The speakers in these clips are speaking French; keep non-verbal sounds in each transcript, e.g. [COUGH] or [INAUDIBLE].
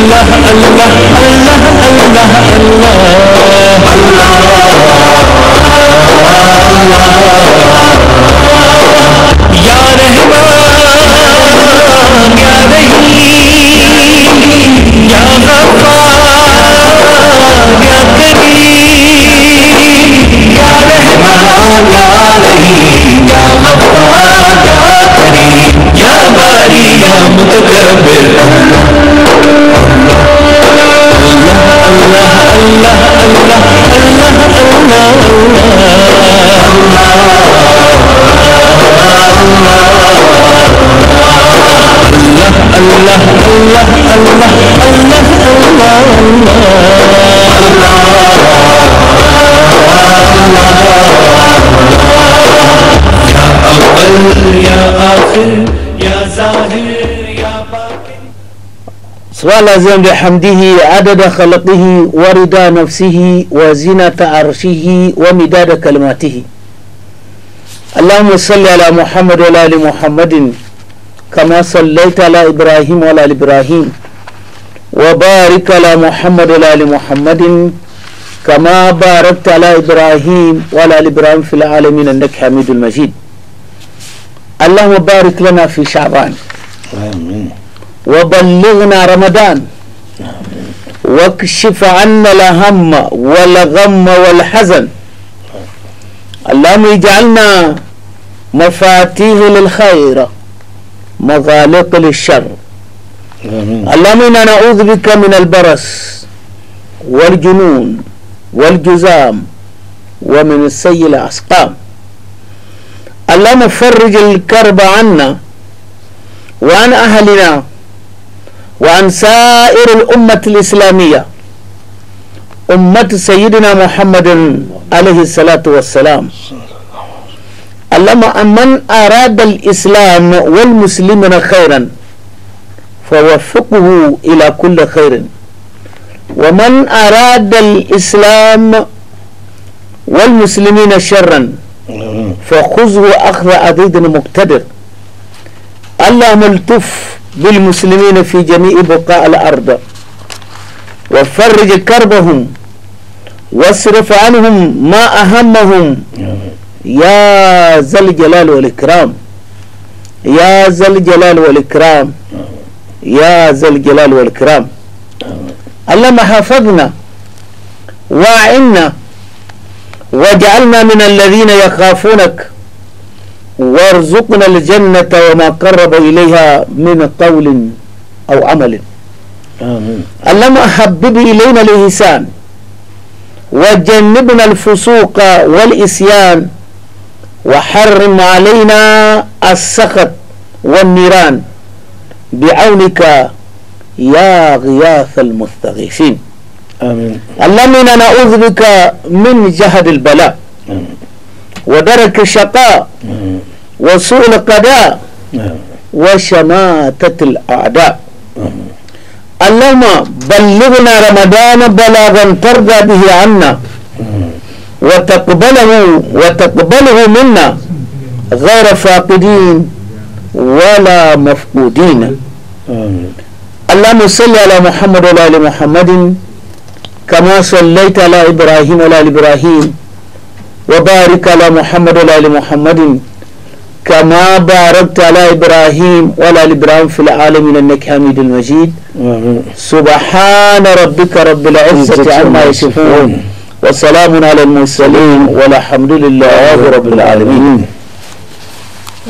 الله الله الله الله الله الله الله الله يا آخر بحمده عدد خلقه ورد نفسه وزنة عرشه ومداد كلماته اللهم صل على محمد وعلى محمد كما صليت على إبراهيم وعلى آل إبراهيم وبارك على محمد وعلى آل محمد كما باركت على إبراهيم وعلى آل إبراهيم في العالمين إنك حميد المجيد اللهم بارك لنا في شعبان آمين وبلغنا رمضان واكشف عنا الهم والغم والحزن اللهم اجعلنا مفاتيح للخير مغالق للشر اللهم إنا نعوذ بك من البرس والجنون والجزام ومن السيء الأسقام اللهم فرج الكرب عنا وعن أهلنا وعن سائر الأمة الإسلامية أمة سيدنا محمد عليه الصلاة والسلام ليعلم أن من أراد الإسلام والمسلمين خيرا فوفقه إلى كل خير ومن أراد الإسلام والمسلمين شرا فخذه أخذ عديد مقتدر اللهم التف بالمسلمين في جميع بقاع الأرض وفرج كربهم واصرف عنهم ما أهمهم يا ذا الجلال والإكرام يا ذا الجلال والإكرام يا ذا الجلال والإكرام اللهم حفظنا وعنا واجعلنا من الذين يخافونك وارزقنا الجنة وما قرب إليها من قول أو عمل آمين اللهم حبب إلينا الإحسان وجنبنا الفسوق والإسيان وحرم علينا السخط والنيران بعونك يا غياث المستغيثين آمين اللهم إنا نعوذ بك من جهد البلاء آمين. ودرك الشقاء آمين. وسوء القضاء وشماتة الأعداء آمين. اللهم بلغنا رمضان بلاغا ترضى به عنا وتقبله وتقبله منا غير فاقدين ولا مفقودين اللهم صل على محمد وعلى ال محمد كما صليت على ابراهيم وعلى ال ابراهيم وبارك على محمد وعلى ال محمد كما باركت على ابراهيم وعلى ال ابراهيم في العالمين انك حميد مجيد سبحان ربك رب العزه عما يصفون وسلام على المرسلين والحمد لله رب العالمين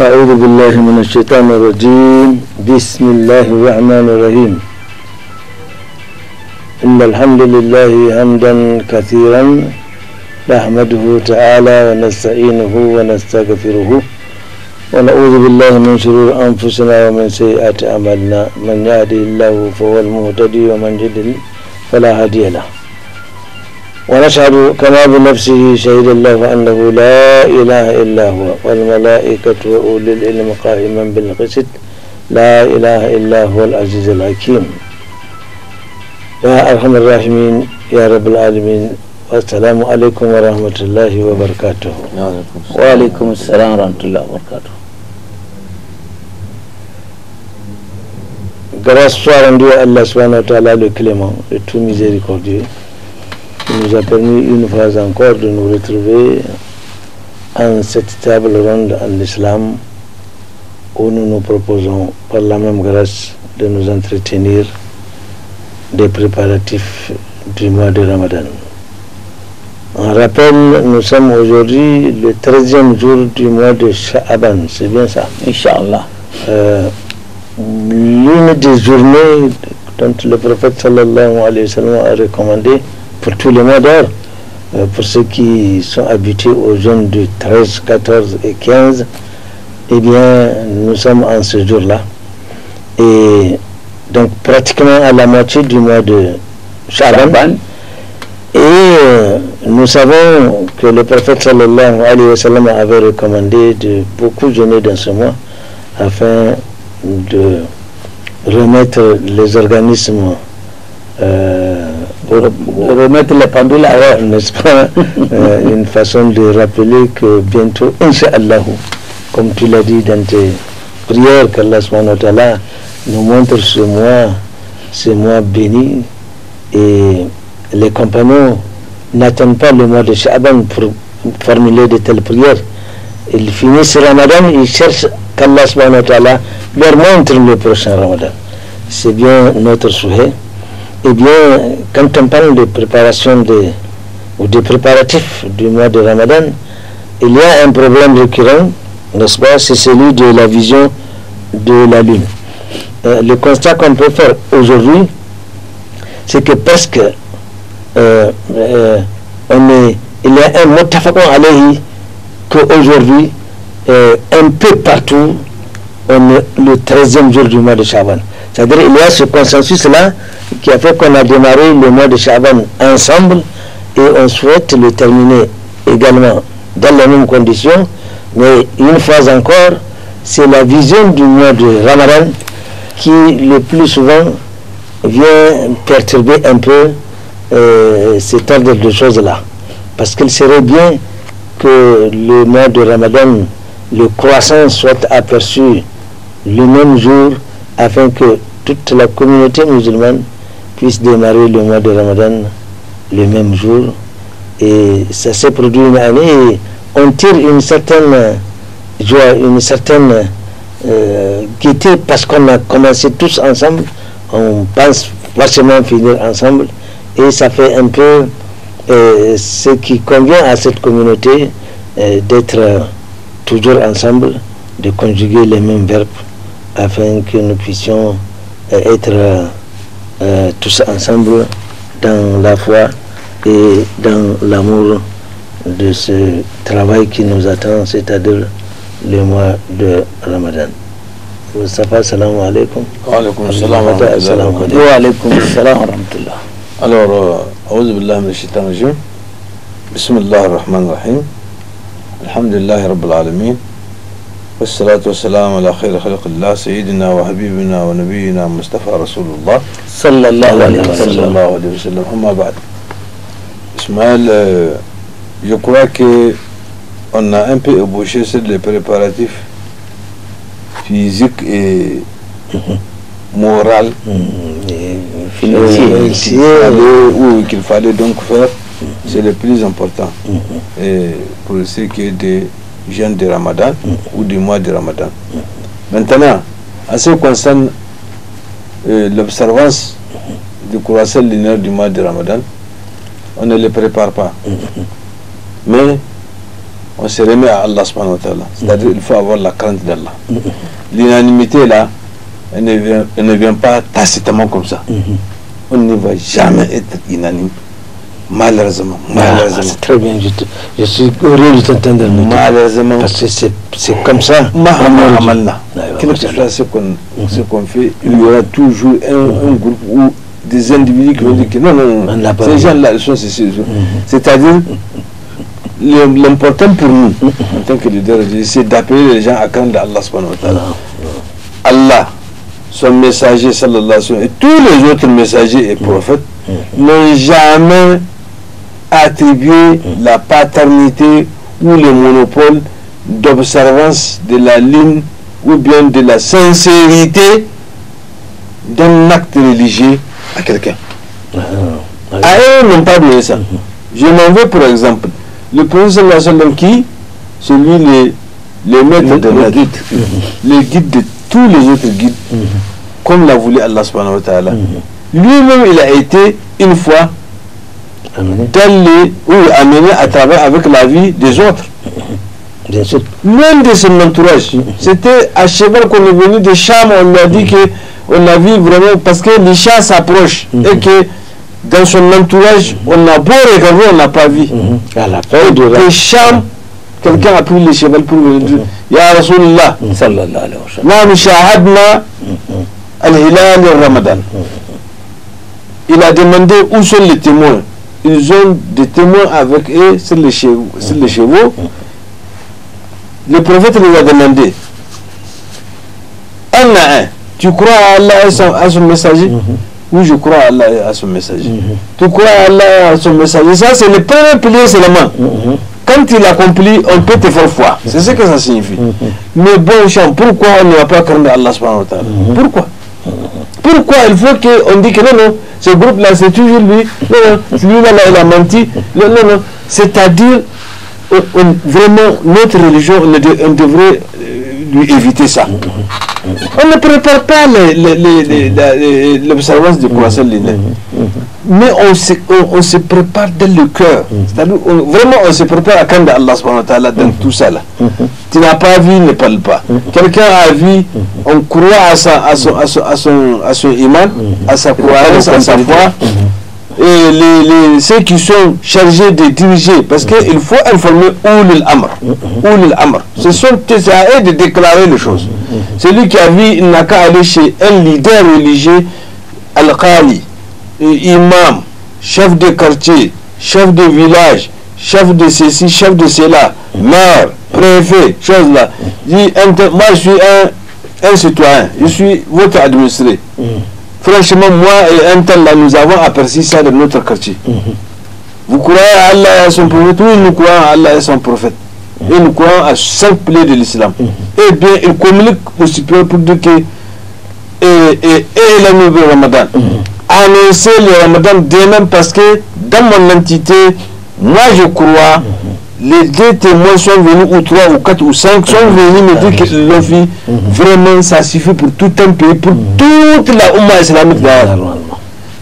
أعوذ بالله من الشيطان الرجيم بسم الله الرحمن الرحيم إن الحمد لله حمدا كثيرا نحمده تعالى ونستعينه ونستغفره ونعوذ بالله من شرور أنفسنا ومن سيئات أعمالنا من يهده الله فهو المهتدي ومن يضلل فلا هادي له ونشهد كما بنفسه شهد الله أنه لا إله إلا هو والملائكة وأولي العلم قائما بالقسط لا إله إلا هو العزيز الحكيم يا أرحم الراحمين يا رب العالمين والسلام عليكم ورحمة الله وبركاته وعليكم السلام ورحمة الله وبركاته grâce soit rendue à Allah subhanahu wa ta'ala le clément, le tout miséricordieux. nous a permis une fois encore de nous retrouver en cette table ronde en islam où nous nous proposons par la même grâce de nous entretenir des préparatifs du mois de Ramadan. En rappel, nous sommes aujourd'hui le 13e jour du mois de Sha'aban, c'est bien ça Inch'Allah. Euh, l'une des journées dont le prophète sallallahu alayhi wa sallam a recommandé pour tous les mois d'or. Euh, pour ceux qui sont habitués aux zones de 13, 14 et 15, eh bien, nous sommes en ce jour-là. Et donc, pratiquement à la moitié du mois de Shaban. Et euh, nous savons que le prophète sallallahu alayhi wa sallam avait recommandé de beaucoup jeûner dans ce mois afin de remettre les organismes euh, remettre la pendule à l'heure, n'est-ce pas [LAUGHS] euh, Une façon de rappeler que bientôt, Inch'Allah, comme tu l'as dit dans tes prières, qu'Allah nous montre ce mois, ce mois béni, et les compagnons n'attendent pas le mois de Sha'ban pour formuler de telles prières. Ils finissent Ramadan, ils cherchent qu'Allah leur montre le prochain Ramadan. C'est bien notre souhait. Eh bien, quand on parle de préparation ou des préparatifs du mois de Ramadan, il y a un problème récurrent, n'est-ce pas C'est celui de la vision de la lune. Euh, le constat qu'on peut faire aujourd'hui, c'est que presque euh, euh on il y a un motafakon alayhi qu'aujourd'hui, euh, un peu partout, on est le 13e jour du mois de Shaban il y a ce consensus-là qui a fait qu'on a démarré le mois de Shaban ensemble et on souhaite le terminer également dans la même condition. Mais une fois encore, c'est la vision du mois de Ramadan qui le plus souvent vient perturber un peu euh, cet ordre de choses-là. Parce qu'il serait bien que le mois de Ramadan, le croissant soit aperçu le même jour afin que toute la communauté musulmane puisse démarrer le mois de Ramadan le même jour. Et ça s'est produit une année et on tire une certaine joie, une certaine euh, gaieté parce qu'on a commencé tous ensemble. On pense forcément finir ensemble et ça fait un peu euh, ce qui convient à cette communauté euh, d'être toujours ensemble, de conjuguer les mêmes verbes afin que nous puissions euh, être euh, euh, tous ensemble dans la foi et dans l'amour de ce travail qui nous attend, c'est-à-dire le mois de Ramadan. Moussafa, salam alaikum. Wa alaikum salam alaikum. Alors, Aouzou Billah, Mishitanjim. Bismillah ar-Rahman ar-Rahim. Alhamdulillah, Rabbil Alameen. والصلاة والسلام على خير خلق الله سيدنا وحبيبنا ونبينا مصطفى رسول الله صلى الله عليه وسلم صلى الله عليه وسلم أما بعد Ismaël, je crois que on a un peu ébauché sur les préparatifs physiques et moraux et financiers oui, qu'il fallait donc faire. C'est le plus important. Et pour ce qui est des jeûne de Ramadan ou du mois de Ramadan. Maintenant, en ce qui concerne euh, l'observance du croissant lunaire du mois de Ramadan, on ne le prépare pas. Mais on se remet à Allah subhanahu wa ta'ala. C'est-à-dire qu'il faut avoir la crainte d'Allah. L'unanimité là, elle ne, vient, elle ne vient pas tacitement comme ça. On ne va jamais être unanime. Malheureusement. Ah, Malheureusement. très bien, je, tout je suis heureux de t'entendre. Malheureusement. Parce que c'est comme ça. Quel que soit mhm. ce qu'on fait, il y aura toujours un, mhm. groupe ou des individus qui vont mhm. dire que non, non, ces gens-là, ils sont ceci. C'est-à-dire, l'important pour nous, en tant que leader, c'est d'appeler les gens à craindre Allah ah, Allah, son messager sallallahu alayhi wa et tous les autres messagers et prophètes n'ont jamais attribuer mm. la paternité ou le monopole d'observance de la ligne ou bien de la sincérité d'un acte religieux à quelqu'un. Ah, ah pas ça. Mm-hmm. Je m'en vais pour exemple. Le prophète qui, celui le, le maître de la guide, le guide de tous les autres guides, mm-hmm. comme l'a voulu Allah mm-hmm. Lui-même, il a été une fois d'aller ou amener à travers avec la vie des autres. L'un de ses entourage, mm. c'était à cheval qu'on est venu des Cham, on lui a dit mm. que on a vu vraiment parce que les chats s'approchent mm. et que dans son entourage, on a beau regarder, on n'a pas vu. À la de la... quelqu'un a pris les chevaux pour lui dire Ya Rasulullah, al-hilal al-ramadan. Il a demandé où sont les témoins ils ont des témoins avec eux sur les chevaux. Le prophète nous a demandé un à un, tu crois à Allah et à son messager mhm. Oui, je crois à Allah et à son messager. Mhm. Tu crois à Allah et à son messager Ça, c'est le premier pilier seulement. Mhm. Quand il accomplit, on peut te faire foi. C'est ce que ça signifie. Mais bon, Jean, pourquoi on ne va pas craindre Allah subhanahu wa ta'ala Pourquoi pourquoi il faut qu'on dise que non, non, ce groupe-là, c'est toujours lui, non, non, celui-là, il a menti, non, non, non. C'est-à-dire, vraiment, notre religion, on devrait euh, lui éviter ça. On ne prépare pas l'observance mm-hmm. du croissant lunaire. Mm-hmm. Mais on se, prépare dès le cœur. Mm-hmm. Vraiment, on se prépare à quand Allah subhanahu wa dans tout ça. Tu n'as pas vu, ne parle pas. Quelqu'un a vu, on croit à, à, son, à, iman, à sa croyance, à sa foi et les, ceux qui sont chargés de diriger, parce qu'il faut informer où l'amr, Oulil l'amr. Ce sont à eux de déclarer les choses. Celui qui a vu, il n'a qu'à aller chez un leader religieux, Al-Khali, imam, chef de quartier, chef de village, chef de ceci, chef de cela, maire, préfet, chose là. Dit, moi je suis un, un citoyen, je suis votre administré. Franchement, moi et un tel là, nous avons aperçu ça dans notre quartier. Mhm. Vous croyez à Allah et à son prophète Oui, nous croyons à Allah et son prophète. Et mhm. nous croyons à chaque de l'islam. Mhm. Eh bien, il communique au supérieur pour dire que et, et, la nouvelle ramadan. Annoncer le ramadan demain parce que dans mon entité, moi je crois les deux témoins sont venus, ou trois, ou quatre, ou cinq, sont venus me dire que ah, l'ont fait. Vraiment, ça suffit pour tout un pays, pour mm. toute la Oumma islamique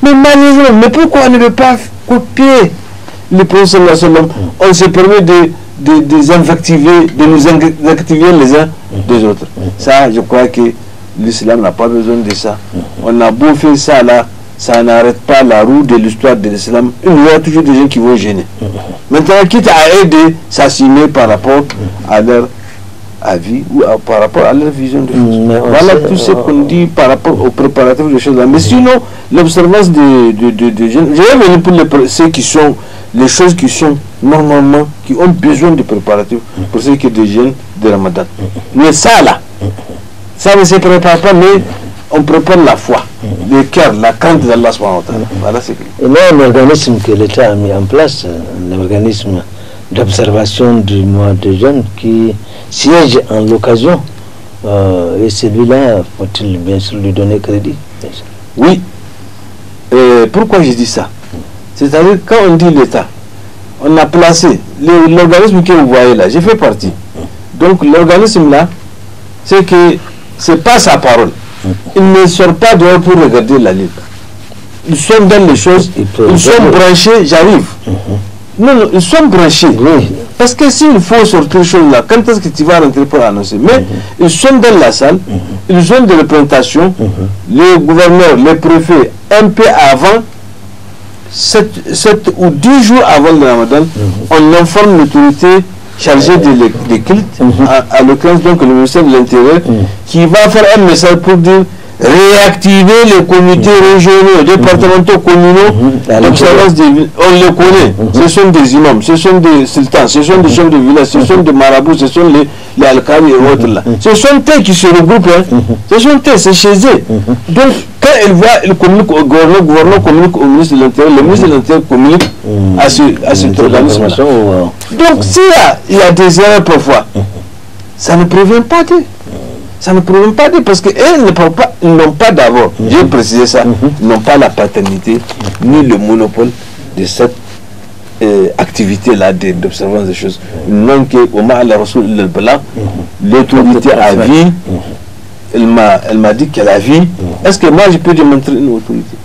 Mais malheureusement, mais pourquoi on ne veut pas copier le prophète mm. On se permet de, de, de, nous de nous activer les uns mm. des autres. Ça, je crois que l'islam n'a pas besoin de ça. On a beau faire ça là, ça n'arrête pas la roue de l'histoire de l'islam. Il y aura toujours des gens qui vont gêner. Maintenant, quitte à aider, s'assumer par rapport à leur avis ou par rapport à leur vision de choses. voilà tout ce euh, qu'on dit par rapport aux préparatifs de choses. Mais sinon, l'observance des de, de, jeunes, je vais venir pour les, ceux qui sont, les choses qui sont normalement, qui ont besoin de préparatifs pour ceux qui sont des jeunes de Ramadan. Mais ça là, ça ne se prépare pas, mais on prépare la foi, mm. le cœur, la crainte d'Allah. Mm. Voilà c'est. Et là, l'organisme que l'État a mis en place, l'organisme d'observation du mois de jeûne qui siège en l'occasion, euh, et celui-là, faut-il bien sûr lui donner crédit Oui. Et pourquoi je dis ça C'est-à-dire, quand on dit l'État, on a placé l'organisme que vous voyez là, j'ai fait partie. Mm. Donc l'organisme là, c'est que c'est pas sa parole. Ils ne sortent pas dehors pour regarder la Ligue. Ils sont dans les choses, ils, sont branchés, j'arrive. Mhm. Non, non, ils sont branchés. Parce que s'il faut sortir les choses là, quand est-ce que tu vas rentrer pour annoncer Mais mhm. ils sont dans la salle, mhm. ils ont des représentations, les gouverneurs, les préfets, un peu avant, sept ou 10 jours avant le ramadan, on informe l'autorité chargé des de, de cultes, mhm. à, l'occurrence donc le ministère de l'Intérieur, mhm. qui va faire un message pour dire réactiver les comités mhm. régionaux, départementaux, communaux, des On les connaît. Ce sont des imams, ce sont des sultans, ce sont des chefs de village, ce sont des marabouts, ce sont les, les et autres là. Ce sont eux qui se regroupent. Hein. Ce sont eux, c'est chez eux. Donc, elle le gouvernement au ministre de l'Intérieur, le ministre de communique mmh. à ce, mmh. Donc s'il y, a des erreurs parfois, mmh. ça ne prévient pas d'eux. Ça ne prévient pas de, parce qu'elles n'ont pas, pas d'abord, j'ai précisé ça, n'ont pas la paternité ni le monopole de cette euh, activité là d'observance des choses. Non que l'autorité a vie, elle m'a dit qu'elle a vu. Mm. Est-ce que moi, je peux démontrer une autorité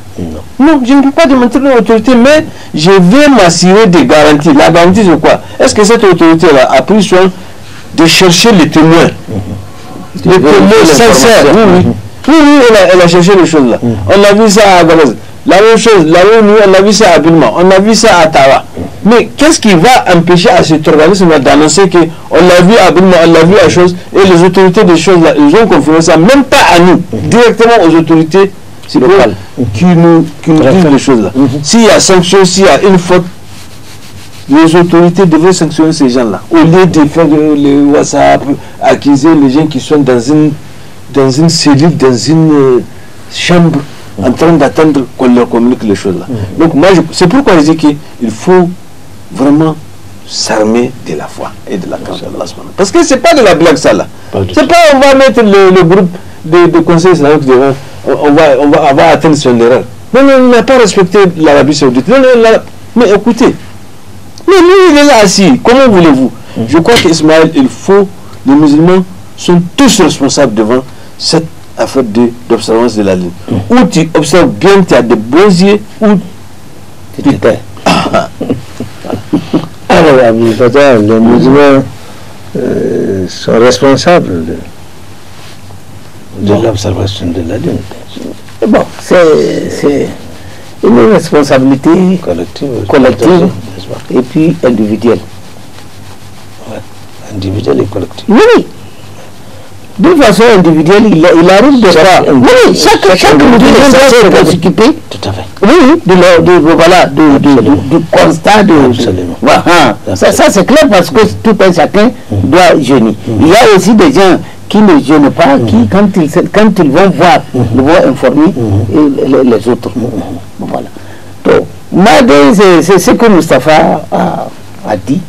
non. je ne peux pas démontrer une autorité, mais je vais m'assurer des garanties. La garantie, c'est quoi Est-ce que cette autorité-là a pris soin de chercher les témoins mm-hmm. Les témoins sincères. Oui, oui. Mm-hmm. Oui, oui, elle a, elle cherché les choses-là. Mm-hmm. On a vu ça à Agadez. La même chose, la même on a vu ça à Bilma. On a vu ça à Tawa. Mais qu'est-ce qui va empêcher à cet organisme d'annoncer qu'on l'a vu à on l'a vu à chose, et les autorités des choses, ils ont confirmé ça, même pas à nous, mhm. directement aux autorités locales mhm. qui nous, qui nous disent les choses là. Mhm. S'il y a sanction, s'il y a une faute, les autorités devraient sanctionner ces gens-là. Au lieu de faire le WhatsApp, accuser les gens qui sont dans une, dans une cellule, dans une euh, chambre, en train d'attendre qu'on leur communique les choses là. Donc moi, c'est pourquoi je dis qu'il faut vraiment s'armer de la foi et de la la Parce que c'est pas de la blague ça là. C'est pas on va mettre le, groupe de, conseil islamique devant, on va, on va, atteindre son erreur. Non, on n'a pas respecté l'Arabie Saoudite. Mais écoutez, mais lui il est là assis, comment voulez-vous mm. Je crois qu'Ismaël, il faut, les musulmans sont tous responsables devant cette affaire d'observance de, la ligne. Mm. Ou tu observes bien, tu as des bons yeux, ou... tu ah, ah. Alors, les musulmans euh, sont responsables de, l'observation de la lune. Bon, c'est une responsabilité collective, collective et puis individuelle. Ouais. Individuelle et collective. Oui. De façon individuelle, il arrive de ça. Oui, chaque, chaque, individu Tout à fait. Oui, de, de, voilà, de, de, du constat de. Absolument. Ah, ça, ça c'est clair parce que tout un chacun mm. doit jeûner. Mm. Il y a aussi des gens qui ne gênent pas, mm. qui, quand ils, quand ils vont voir, vont informer les, autres. Voilà. Donc, c'est ce que Mustafa a, a dit.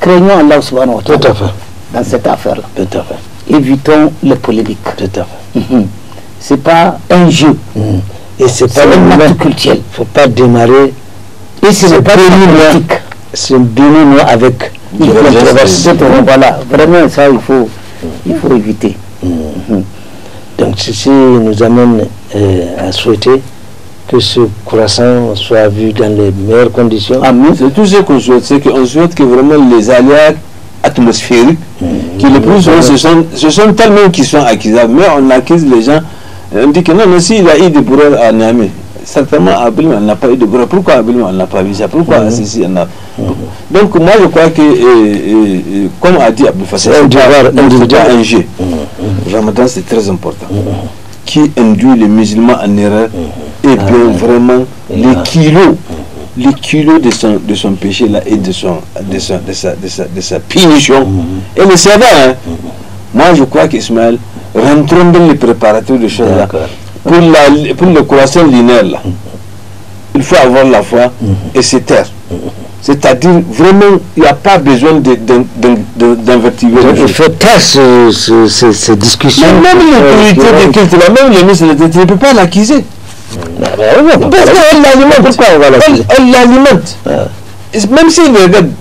Craignons Allah subhanahu wa ta'ala dans cette affaire-là. Tout à fait évitons les polémiques. Mhm. C'est pas un jeu. Et c'est pas un acte culturel. Faut pas démarrer. Et ce n'est pas politique. C'est avec une controverse. Voilà, vraiment ça il faut, il faut éviter. Mhm. Donc ceci nous amène euh, à souhaiter que ce croissant soit vu dans les meilleures conditions. Ah, c'est tout ce qu'on souhaite, c'est qu'on souhaite que vraiment les aléas atmosphériques mhm qui plus hein. ce sont, tellement qui sont accusables, mais on accuse les gens. On dit que non, mais s'il a eu des bourreaux à Niamey, certainement à n'a pas eu de bourreaux. Pourquoi à n'a pas vu ça Pourquoi ici Sissi, on a. Mm-hmm. Donc, moi, je crois que, euh, euh, euh, comme a dit Abdel on c'est un un jeu. Mm-hmm. Mm-hmm. Ramadan, c'est très important. Qui induit les musulmans en erreur Et bien, ah. vraiment, les ah. kilos les culot de son, de son péché là et de, son, de, son, de, sa, de, sa, de sa punition. Mm-hmm. Et le savait. Hein. Mm-hmm. Moi, je crois qu'Ismaël, rentre dans les préparatifs de choses Pour, la, pour le croissant linéaire là, mm-hmm. il faut avoir la foi et se taire. C'est-à-dire, vraiment, il n'y a pas besoin d'invertir. Il faut taire ces discussions. Mais même l'autorité de culte, même le ministre de ne peut pas l'acquiser. Parce qu'elle l'alimente. Pourquoi on Elle l'alimente. Ah. Même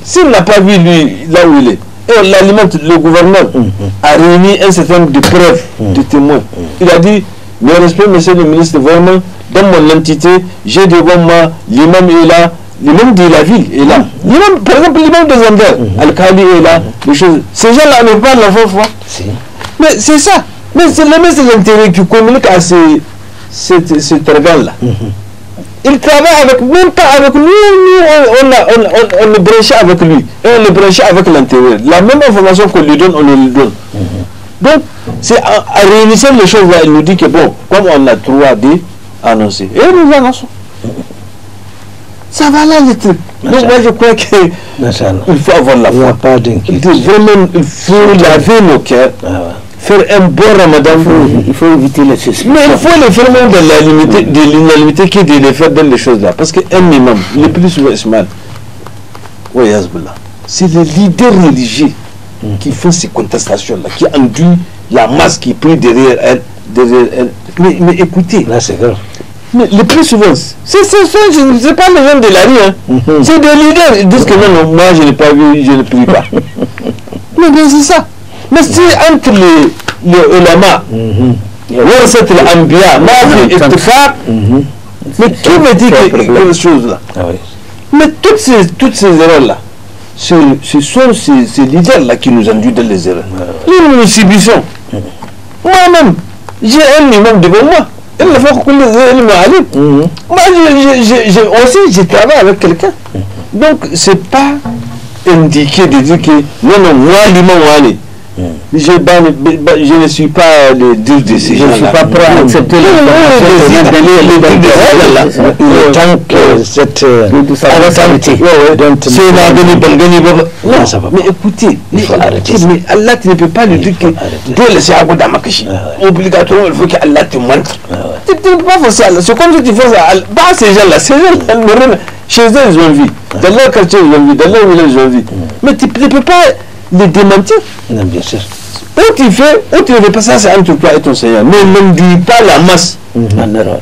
s'il n'a pas vu lui là où il est, Elle l'alimente, le gouvernement mm, mm. a réuni un certain nombre de preuves, mm. de témoins. Il a dit, le respect, monsieur le ministre, vraiment, dans mon entité, j'ai devant moi l'imam est là, l'imam de la ville est là. par exemple, l'imam des Andes, Al-Khali est là, Ces gens-là ne parlent la foi. Mais c'est ça. Mais c'est les mêmes intérêts qui communique à ces cette, cet organe-là. Mhm. Il travaille avec, même pas avec nous, nous on, le branche avec lui, et on le branche avec l'intérieur. La même information qu'on lui donne, on lui donne. Mhm. Donc, c'est à en, les choses là, il nous dit que bon, comme on a 3D annoncé, et nous annonçons. Ça va là les trucs. Donc moi je crois qu'il faut avoir la foi. Il faut laver nos cœurs. Ah faire un bon ramadan. Il faut, éviter les choses Mais il faut le faire de l'unanimité qui est de faire dans les choses-là. Parce qu'un imam, le plus souvent c'est les leaders religieux qui font ces contestations-là, qui enduit la masse qui est derrière elle. Mais, écoutez. Là, c'est vrai Mais le plus souvent, c'est c'est pas le gens de la rue, hein. Mm-hmm. c'est des leaders. Ils disent que non, non moi je n'ai pas vu, je ne prie pas. [LAUGHS] mais bien c'est ça. Mais si entre les, les mm-hmm. mm-hmm. mm-hmm. Mais qui me dit quelque chose là ah Mais toutes ces, toutes ces erreurs là, ce, sont ces, leaders là qui nous induisent dans les erreurs. Ah nous nous Moi-même, j'ai un imam devant moi. Il faut que Moi je, aussi, j'ai travaille avec quelqu'un. Donc, n'est pas indiqué de dire que non, non, moi, Mm. Je, je, ne suis pas euh, le Dieu de ces gens. Je ne suis pas prêt à accepter le mm. tant que mm. cette arrêtalité. Si on a donné non, ça va. Mais écoutez, il faut arrêter. Mais Allah, tu ne peux pas lui dire que le laisser à Gouda Obligatoirement, il faut qu'Allah te montre. Tu ne peux pas forcer Allah. C'est comme tu fais ça Allah. Bah, ces gens-là. Ces gens-là, chez eux, ils ont vie. Dans leur quartier, ils ont vie. Dans leur village, ils ont vie. Mais tu ne peux pas les démentir. Non, bien sûr. Quand tu fais, où tu ne fais pas ça, c'est entre toi et ton Seigneur. Mais ne dis pas la masse. Mm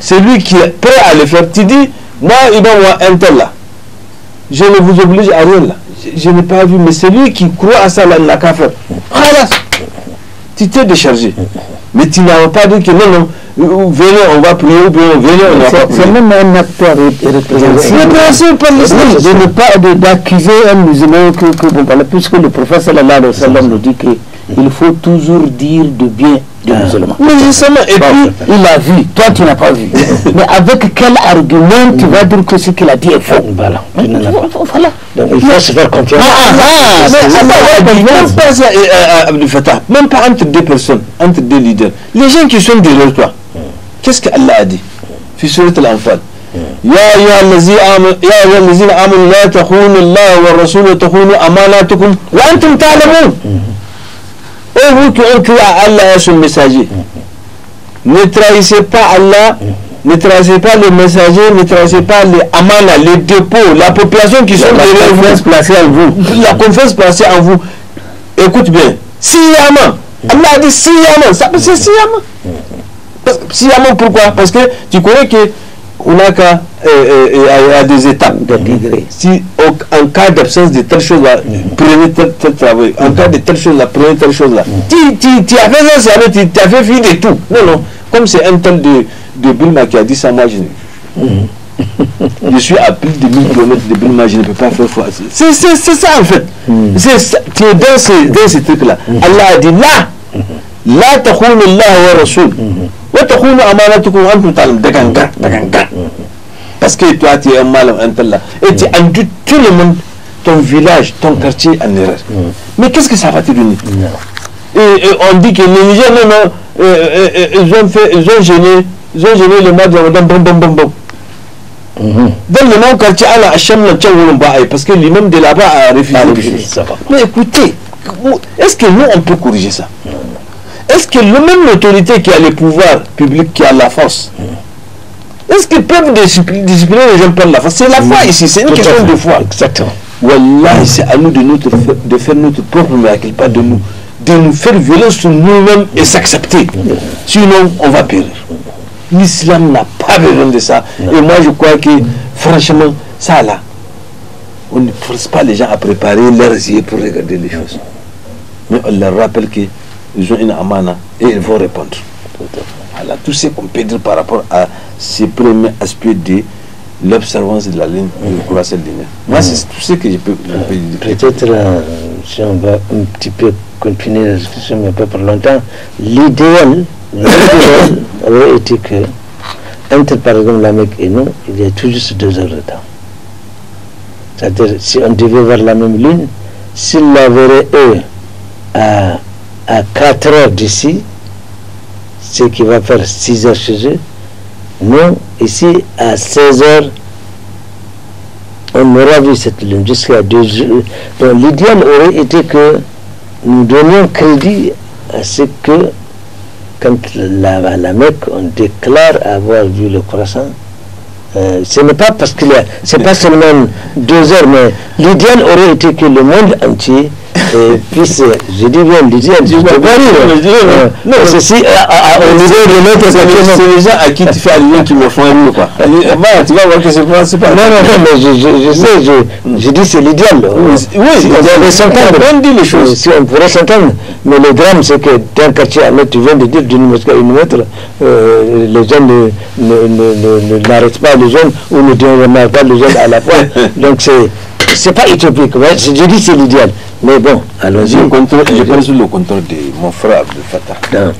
C'est lui qui est prêt à le faire. Tu dis, moi, il va voir un tel là. Je ne vous oblige à rien là. Je, n'ai pas vu, mais c'est lui qui croit à ça là n'a qu'à faire. Ah tu t'es déchargé. Mhm. Mais tu n'as pas dit que non, non, venez, on va prier ou bien on va C'est même un acteur représentatif. ne pas d'accuser un musulman que, que bon, puisque le prophète sallallahu alayhi wa nous dit qu'il faut toujours dire de bien du ah. musulman. Mais et puis, il a vu, toi tu n'as pas vu. [LAUGHS] Mais avec quel argument tu vas dire que ce qu'il a dit est faux Voilà, Donc il faut se faire confiance. Ah, ah, pas même pas entre deux personnes, entre deux leaders. Les gens qui sont derrière toi, Qu'est-ce qu'Allah a dit Fi surat al-Anfal. يا أيها الذين آمنوا Allah أيها الذين آمنوا لا تخونوا الله والرسول وتخونوا أماناتكم وأنتم تعلمون. Et vous qui ont cru à Allah et son messager, hmm. ne trahissez pas Allah, hmm. ne trahissez pas les messagers, ne trahissez pas les amana, les dépôts, la population qui sont derrière vous. La confiance placée en vous. La confiance placée en vous. Écoute bien, si Yaman, hmm. Allah a dit si Yaman, ça peut dire si Yaman si amour pourquoi Parce que tu connais que on a qu'à des étapes. Mm-hmm. Si en cas d'absence de telle chose-là, mm-hmm. prenez tel, travail. En cas de telle chose-là, prenez telle chose-là. Mm-hmm. tu, tu, tu, as tu, as de tout. Non, non. Comme c'est un temps de, de Bulma qui a dit ça, moi je [LAUGHS] Je suis à plus de 1000 km de Bulma, je ne peux pas faire face. C'est ça en fait. C'est tu es dans ce, dans truc-là. Allah a dit là, là, Allah wa Rasoul tu وتخونوا tu as تعلم دقنقا دقنقا parce que toi tu es un mal un tel là et tu induis tout le monde ton village ton quartier en erreur mais qu'est-ce que ça va te donner et, on dit que les Niger non non ils ont fait ils ont gêné ils ont gêné le mois de Ramadan bon bon bon bon dans le même quartier à la Hachem la Tchawolombaï parce que l'imam de là-bas a refusé ah, mais écoutez est-ce que nous on peut corriger ça est-ce que le même autorité qui a le pouvoir public, qui a la force, est-ce qu'ils peuvent discipliner les gens par la force C'est la foi ici, c'est une question de foi. Exactement. Wallah, c'est à nous de, faire notre propre miracle, pas de nous. De nous faire violence sur nous-mêmes et s'accepter. Sinon, on va périr. L'islam n'a pas besoin de ça. Et moi, je crois que, franchement, ça là, on ne force pas les gens à préparer leurs yeux pour regarder les choses. Mais on leur rappelle que ils ont une amana et ils vont répondre. Voilà tout ce qu'on peut dire par rapport à ces premiers aspects de l'observance de la ligne mmh. de mhm. ligne. Moi, c'est mhm. tout ce que je peux, dire. Peut-être, euh, si on va un petit peu continuer la discussion, mais pas pour longtemps, l'idéal aurait [COUGHS] été que, entre par exemple la Mecque et nous, il y a tout juste deux heures de temps. C'est-à-dire, si on devait voir la même ligne s'il la verrait eux à à 4 heures d'ici, ce qui va faire 6 heures chez eux. Nous, ici, à 16 heures, on aura vu cette lune jusqu'à 2 jours. Donc l'idéal aurait été que nous donnions crédit à ce que, quand la, la Mecque, on déclare avoir vu le croissant, c'est euh, ce n'est pas parce que c'est pas seulement deux heures, mais l'idéal aurait été que le monde entier euh, [LAUGHS] puisse, je dis bien l'idéal, je ne peux pas euh, non, ceci, au niveau de notre C'est les gens à qui tu fais allusion qui me font un quoi. Bah, [LAUGHS] tu vas voir que c'est pas, Non, non, non, [LAUGHS] mais je, sais, je, dis c'est l'idéal. Oui, on pourrait s'entendre. dit les choses. Si on pourrait s'entendre, mais le drame, c'est que d'un quartier à tu viens de dire d'une mosquée à une autre, les gens ne, m'arrêtent n'arrêtent pas les jeunes ou ne démarre pas les jeunes à la fois. [LAUGHS] Donc c'est c'est pas utopique, ouais. je dis c'est l'idéal. Mais bon, allons-y. J'ai sur le contrôle de mon frère, de Fatah.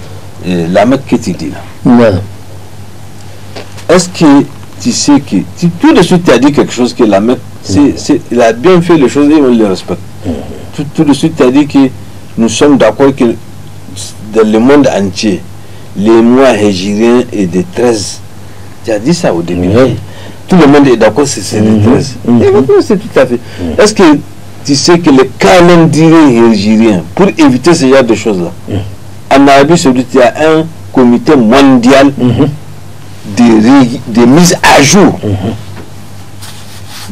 La Mecque que tu dis là. Est-ce que tu sais que tout de suite tu as dit quelque chose que la mec mm. il a bien fait les choses et on les respecte. Mm. tout, de suite tu as dit que nous sommes d'accord que dans le monde entier, les mois hégiriens et des 13 dit ça au début. Tout le monde est d'accord mhm. Mhm. c'est tout à fait. Mhm. Est-ce que tu sais que le calendrier régirien pour éviter ce genre de choses-là, en Arabie Saoudite, il y a un comité mondial de, mise à jour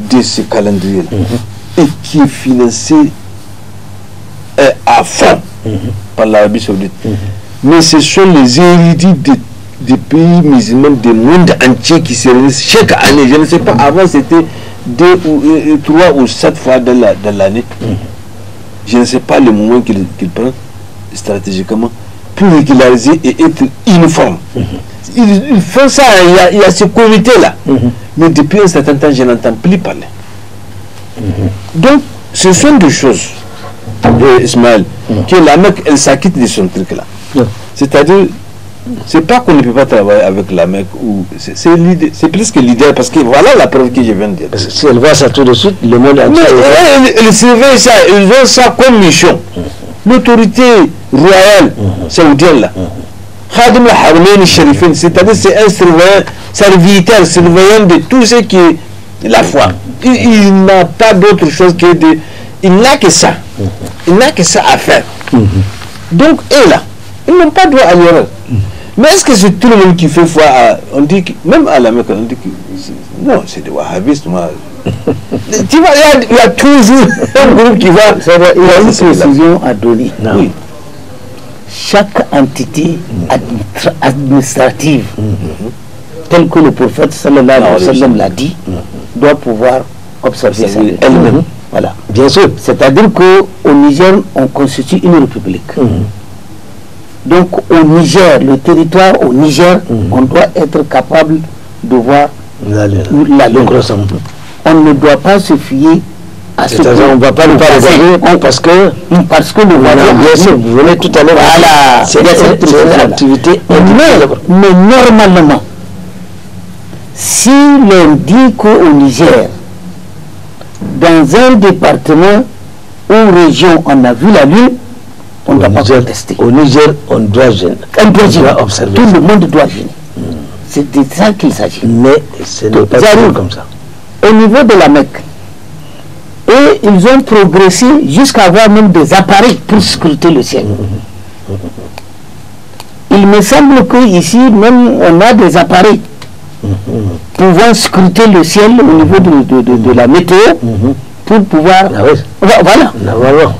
de ce calendrier et qui est financé euh, à fond par l'Arabie Saoudite. Mais ce sont les érudits de des pays musulmans des mondes entiers qui se réunissent chaque année. Je ne sais pas, avant c'était deux ou euh, euh, trois ou sept fois dans l'année. Mm-hmm. je ne sais pas le moment qu'il prennent prend stratégiquement pour régulariser et être uniforme. Mm-hmm. Ils, font ça, il y a, ce comité-là. Mm-hmm. Mais depuis un certain temps, je n'entends plus parler. Donc, ce sont des choses, euh, Ismaël, mm. que la Mecque, elle s'acquitte de son truc-là. C'est-à-dire, c'est pas qu'on ne peut pas travailler avec la Mecque ou c'est plus que l'idée, parce que voilà la preuve que je viens de dire. Si elle voit ça tout de suite, le monde entier. Mais elle, surveille ça, ils ont ça comme mission. Mm-hmm. L'autorité royale mm-hmm. saoudienne là. Mm-hmm. Khadim al cest c'est-à-dire c'est un surveillant, serviteur, surveillant de tout ce qui est la foi. Il, n'a pas d'autre chose que de. Il n'a que ça. Il n'a que ça à faire. Donc, eux là, ils n'ont pas droit à l'erreur. Mais est-ce que c'est tout le monde qui fait foi à... On dit que, même à la Mecque, on dit que... Non, c'est des wahhabistes, moi. [LAUGHS] tu vois, il y, a toujours [LAUGHS] un groupe qui va... Il y a une précision à donner. Oui. Chaque entité mm-hmm. administrative, mm-hmm. telle que le prophète sallallahu alayhi wa sallam l'a dit, mm-hmm. doit pouvoir observer ça. Elle-même. Voilà. Bien sûr. C'est-à-dire qu'au Niger, on constitue une république. Donc au Niger, le territoire au Niger, mhm. on doit être capable de voir la, lune On ne doit pas se fier à ce On ne va pas nous parler parce que parce que le voilà, bien sûr, vous venez tout à l'heure voilà, c'est l'activité mais, mais normalement si l'on dit qu'au Niger dans un département ou région on a vu la lune on doit pas Au Niger, on doit gêner. doit Tout le monde doit gêner. Hmm. C'est de ça qu'il s'agit. Mais c'est n'est pas comme ça. Au niveau de la Mecque, et ils ont progressé jusqu'à avoir même des appareils pour scruter le ciel. Hmm. Hmm. Il me semble qu'ici, même, on a des appareils pouvant scruter le ciel au niveau de, la météo pour pouvoir... Ah voilà. Ah, voilà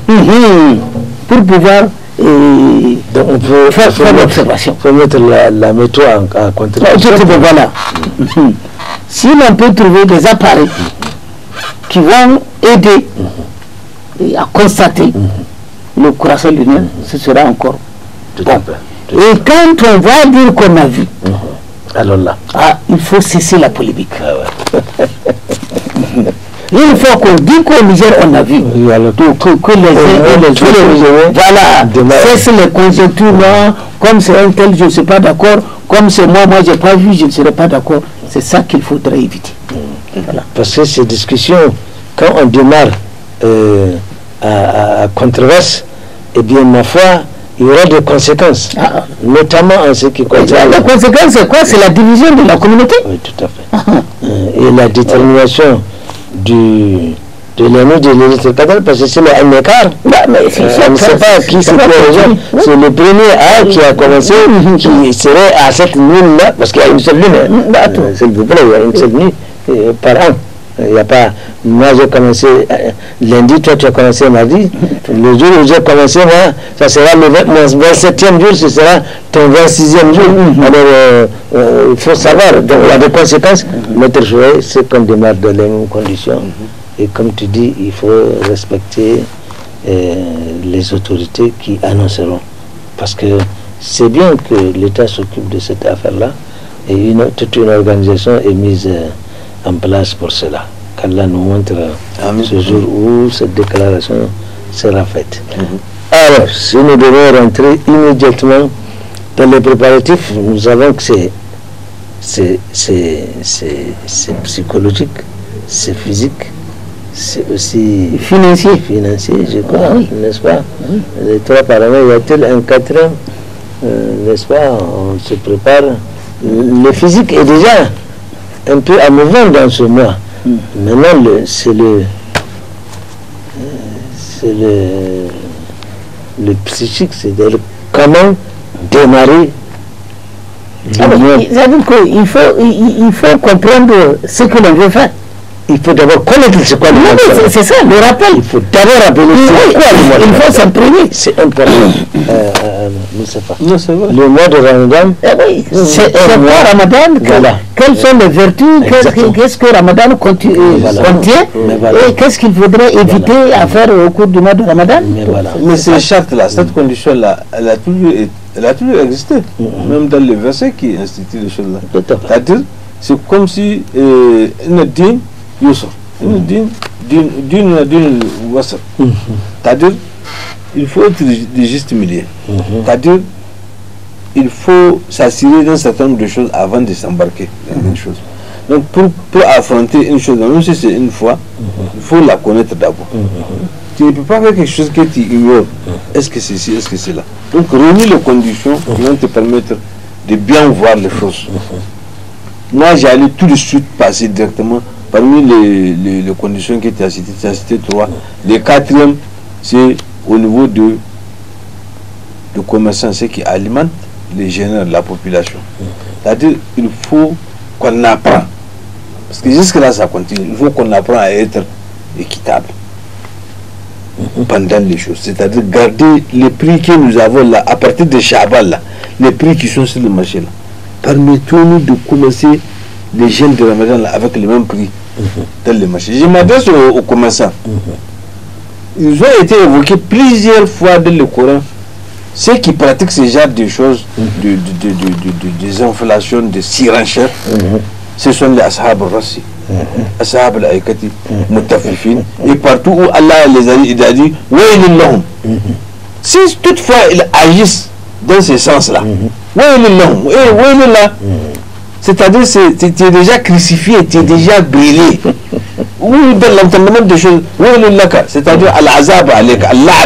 pour pouvoir et euh, Donc on peut, faire, l'observation. Il faut mettre la, la en, en Voilà. [LAUGHS] si l'on peut trouver des appareils qui vont aider euh, à constater mm-hmm. le croissant lui mm-hmm. ce sera encore bon. et quand on va dire qu'on a vu, mm-hmm. alors là, ah, il faut cesser la polémique. Ah une fois qu'on dit qu'on on a vu que, les uns et les voilà, c'est les conjectures comme c'est un tel, je ne suis pas d'accord, comme c'est moi, moi, je n'ai pas vu, je ne serai pas d'accord. C'est ça qu'il faudrait éviter. Parce que ces discussions, quand on démarre euh, à, à controverse, eh bien, ma foi, il y aura des conséquences, ah, ah. notamment en ce qui concerne. La conséquence, c'est quoi C'est la division de la communauté Oui, tout à fait. Euh, et la détermination du de l'anneau de Kadal parce que c'est un écart. Bah, mais euh, on ne sait pas qui c'est pour les gens. C'est le premier A hein, qui a commencé, qui serait à cette lune-là, parce qu'il y a une seule lune. Hein. Bah, euh, s'il vous plaît, il y a une seule nuit euh, par an. Il n'y a pas, moi j'ai commencé euh, lundi, toi tu as commencé mardi. Le jour où j'ai commencé, moi, ça sera le 27e jour, ce sera ton 26e jour. Mhm. Alors, euh, euh, il faut savoir, donc il y a des conséquences. Mhm. Maître c'est qu'on démarre dans les mêmes conditions. Mhm. Et comme tu dis, il faut respecter les autorités qui annonceront. Parce que c'est bien que l'État s'occupe de cette affaire-là et une, toute une organisation est mise place pour cela. Qu'Allah nous montre ce jour où cette déclaration sera faite. Mhm. Alors, si nous devons rentrer immédiatement dans les préparatifs, nous avons que c'est psychologique, c'est physique, c'est aussi financier. Financier, je crois, ah n'est-ce pas Les trois paramètres, y a-t-il un quatrième, euh, n'est-ce pas On se prépare. Le physique est déjà un peu à dans ce mois. Hmm. Maintenant, c'est le. Euh, c'est le, le psychique, c'est-à-dire comment démarrer ah, le euh, il, faut, il faut comprendre ce que l'on veut faire il faut d'abord connaître ce quoi le oui, C'est ça, le rappel. Il faut d'abord rappeler oui, quoi le le Il faut s'imprimer. C'est important. [COUGHS] euh, je ne sais pas. Non, vrai. Le mois de Ramadan. Eh c'est quoi Ramadan Quelles sont les vertus Qu'est-ce que Ramadan euh, contient Et qu'est-ce qu'il faudrait éviter à faire au cours du mois de Ramadan Mais, ces chartes-là, cette condition-là, elle a toujours, elle a toujours existé. Mm-hmm. Même dans les versets qui instituent les choses-là. C'est comme si euh, une dîme Mm. Mm. il faut être de juste milieu. Mm-hmm. cest à il faut s'assurer d'un certain nombre de choses avant de s'embarquer dans mm-hmm. chose. Donc, pour, pour affronter une chose, même si c'est une fois, mm-hmm. il faut la connaître d'abord. Tu ne peux pas faire quelque chose que tu ignores. Est-ce que c'est ici, est-ce que c'est là Donc, réunis les conditions qui vont te permettre de bien voir les choses. Moi, j'allais tout de suite passer directement Parmi les, conditions qui étaient citées, tu as cité trois. Le quatrième, c'est au niveau de, de commerçants, qui alimente les jeunes de la population. C'est-à-dire il faut qu'on apprend. Parce que jusque-là, ça continue. Il faut qu'on apprend à être équitable pendant les choses. C'est-à-dire garder les prix que nous avons là, à partir de Chabal, les prix qui sont sur le marché là. Permettons-nous de commencer les jeunes de la là, avec le même prix mhm. dans les marchés. Je m'adresse aux, commerçants. Mhm. Ils ont été évoqués plusieurs fois dans le Coran. Ceux qui pratiquent ce genre de choses, mhm. de, de, de, des inflations, de ce sont les Ashab rassi Ashab al et partout où Allah les a dit, il a dit, Si toutefois ils agissent dans ce sens-là, c'est-à-dire que tu es déjà crucifié, tu es déjà brûlé. [LAUGHS] Oui, l'entendement des choses, c'est-à-dire mm. al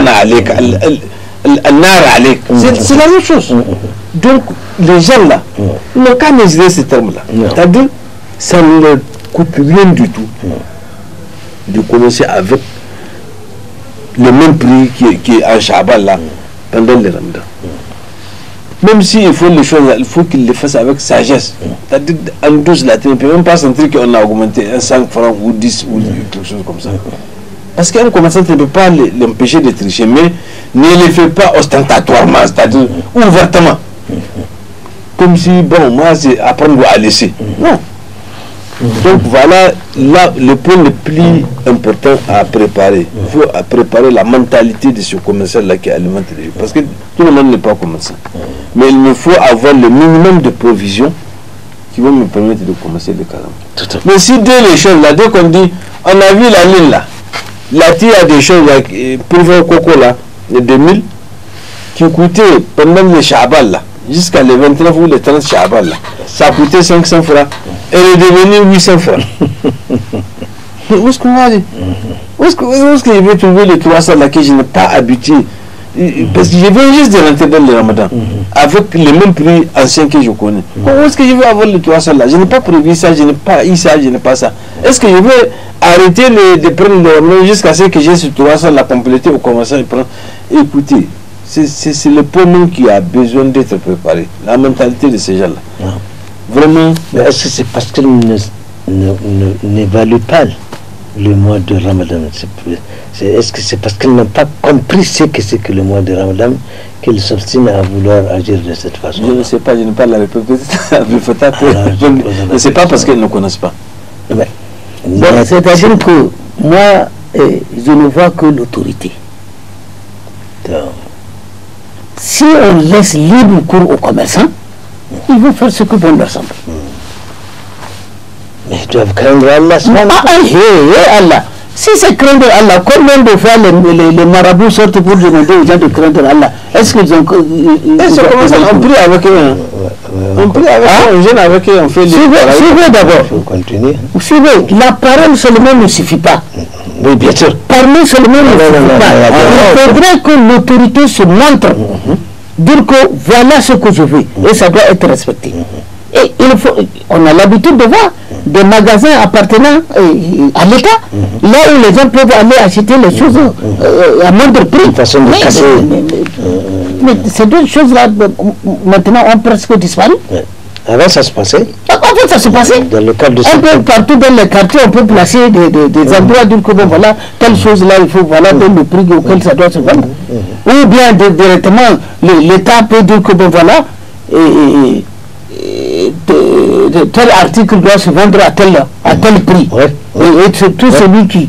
al mm. C'est la même chose. Mm. Donc, les gens là n'ont qu'à mesurer ces termes-là. C'est-à-dire, ça ne coûte rien du tout de commencer avec le même prix qui est, Shabbat là, pendant les Ramadan. Même s'il faut les choses, il faut qu'il les fasse avec sagesse. C'est-à-dire, en douce, la ne peut même pas sentir qu'on a augmenté un 5 francs ou 10 ou quelque chose comme ça. Parce qu'un commerçant ne peut pas l'empêcher de tricher, mais ne le fait pas ostentatoirement, c'est-à-dire ouvertement. Comme si, bon, moi, c'est apprendre à laisser. Non. Donc voilà là, le point le plus important à préparer. Il faut préparer la mentalité de ce commerçant-là qui alimente les gens. Parce que tout le monde n'est pas commerçant. Mais il me faut avoir le minimum de provisions qui vont me permettre de commencer le calme. Mais si dès les choses dès qu'on dit, on a vu la ligne là, la tire a des choses avec euh, coco là, les 2000, qui coûtaient pendant les Chabal là jusqu'à les 29 ou les 30 Shaban. Ça coûté 500 francs. Elle est devenue 800 francs. [LAUGHS] où est-ce qu'on va aller Où est-ce que, je vais trouver les 300 à que je n'ai pas habité euh, euh, Parce que je viens juste de rentrer dans le ramadan avec le même prix ancien que je connais. Où est-ce que je vais avoir les 300 là Je n'ai pas prévu ça, je n'ai pas eu ça, je n'ai pas ça. Est-ce que je vais arrêter de prendre le ramadan jusqu'à ce que j'ai ce 300 la complété ou commencer à prendre Écoutez, c'est le peuple qui a besoin d'être préparé, la mentalité de ces gens-là. Vraiment. Mais est-ce que c'est parce qu'ils n'évaluent pas le mois de Ramadan Est-ce que c'est parce qu'ils n'ont pas compris ce que c'est que le mois de Ramadan qu'ils s'obstinent à vouloir agir de cette façon Je ne sais pas, je ne parle la Je ne sais pas parce qu'ils ne connaissent pas. C'est-à-dire que moi, je ne vois que l'autorité. Donc, si on laisse libre cours aux commerçants, ils vont faire ce que bon leur semble. Mais ils doivent craindre Allah. Ah, Allah. Si c'est craindre Allah, combien de fois les, marabouts sortent pour demander aux gens de craindre Allah Est-ce qu'ils ont. à prier avec eux. On prie avec eux, hein? on gêne hein? avec eux, on fait les. Suivez d'abord. Suivez. La parole seulement ne suffit pas. Oui, bien sûr. Parler seulement ne suffit pas. Il faudrait que l'autorité se montre. Mm-hmm. Dire que voilà ce que je veux. Et ça doit être respecté. Mm-hmm. Et il faut, on a l'habitude de voir des magasins appartenant euh, à l'État, mhm. là où les gens peuvent aller acheter les choses mhm. euh, à moindre prix. façon de casser. Euh. Mais, ces deux choses-là, maintenant, ont presque disparu. Avant, ça se passait Avant, ça se passait. on peut, partout dans les quartiers, on peut placer des, des, mhm. endroits, dire que bon, voilà, telle chose-là, il faut, voilà, dans le prix auquel ça doit se vendre. Ou bien, directement, l'État peut dire que bon, voilà, et de, tel article doit se vendre à tel, à tel prix. Et, tout celui qui,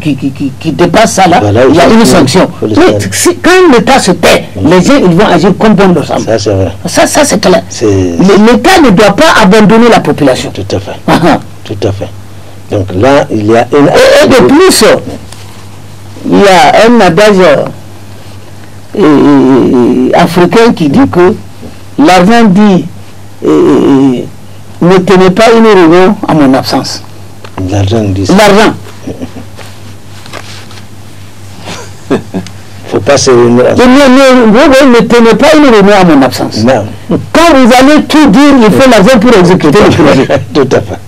qui, dépasse ça là, il y a une sanction. quand l'État se tait, les gens vont agir comme bon Ça c'est vrai. Ça, ça c'est clair. L'État ne doit pas abandonner la population. Tout à fait. Ah, ah. tout à fait. Donc là, il y a Et, de plus, il y a un adage euh, euh, euh, africain qui dit que l'argent dit et ne tenez pas une réunion à mon absence. L'argent, L'argent. [LAUGHS] Faut pas se réunir. Ne, tenez pas une réunion à mon absence. Non. Quand vous allez tout dire, il faut l'argent pour exécuter le projet. [LAUGHS] tout à fait.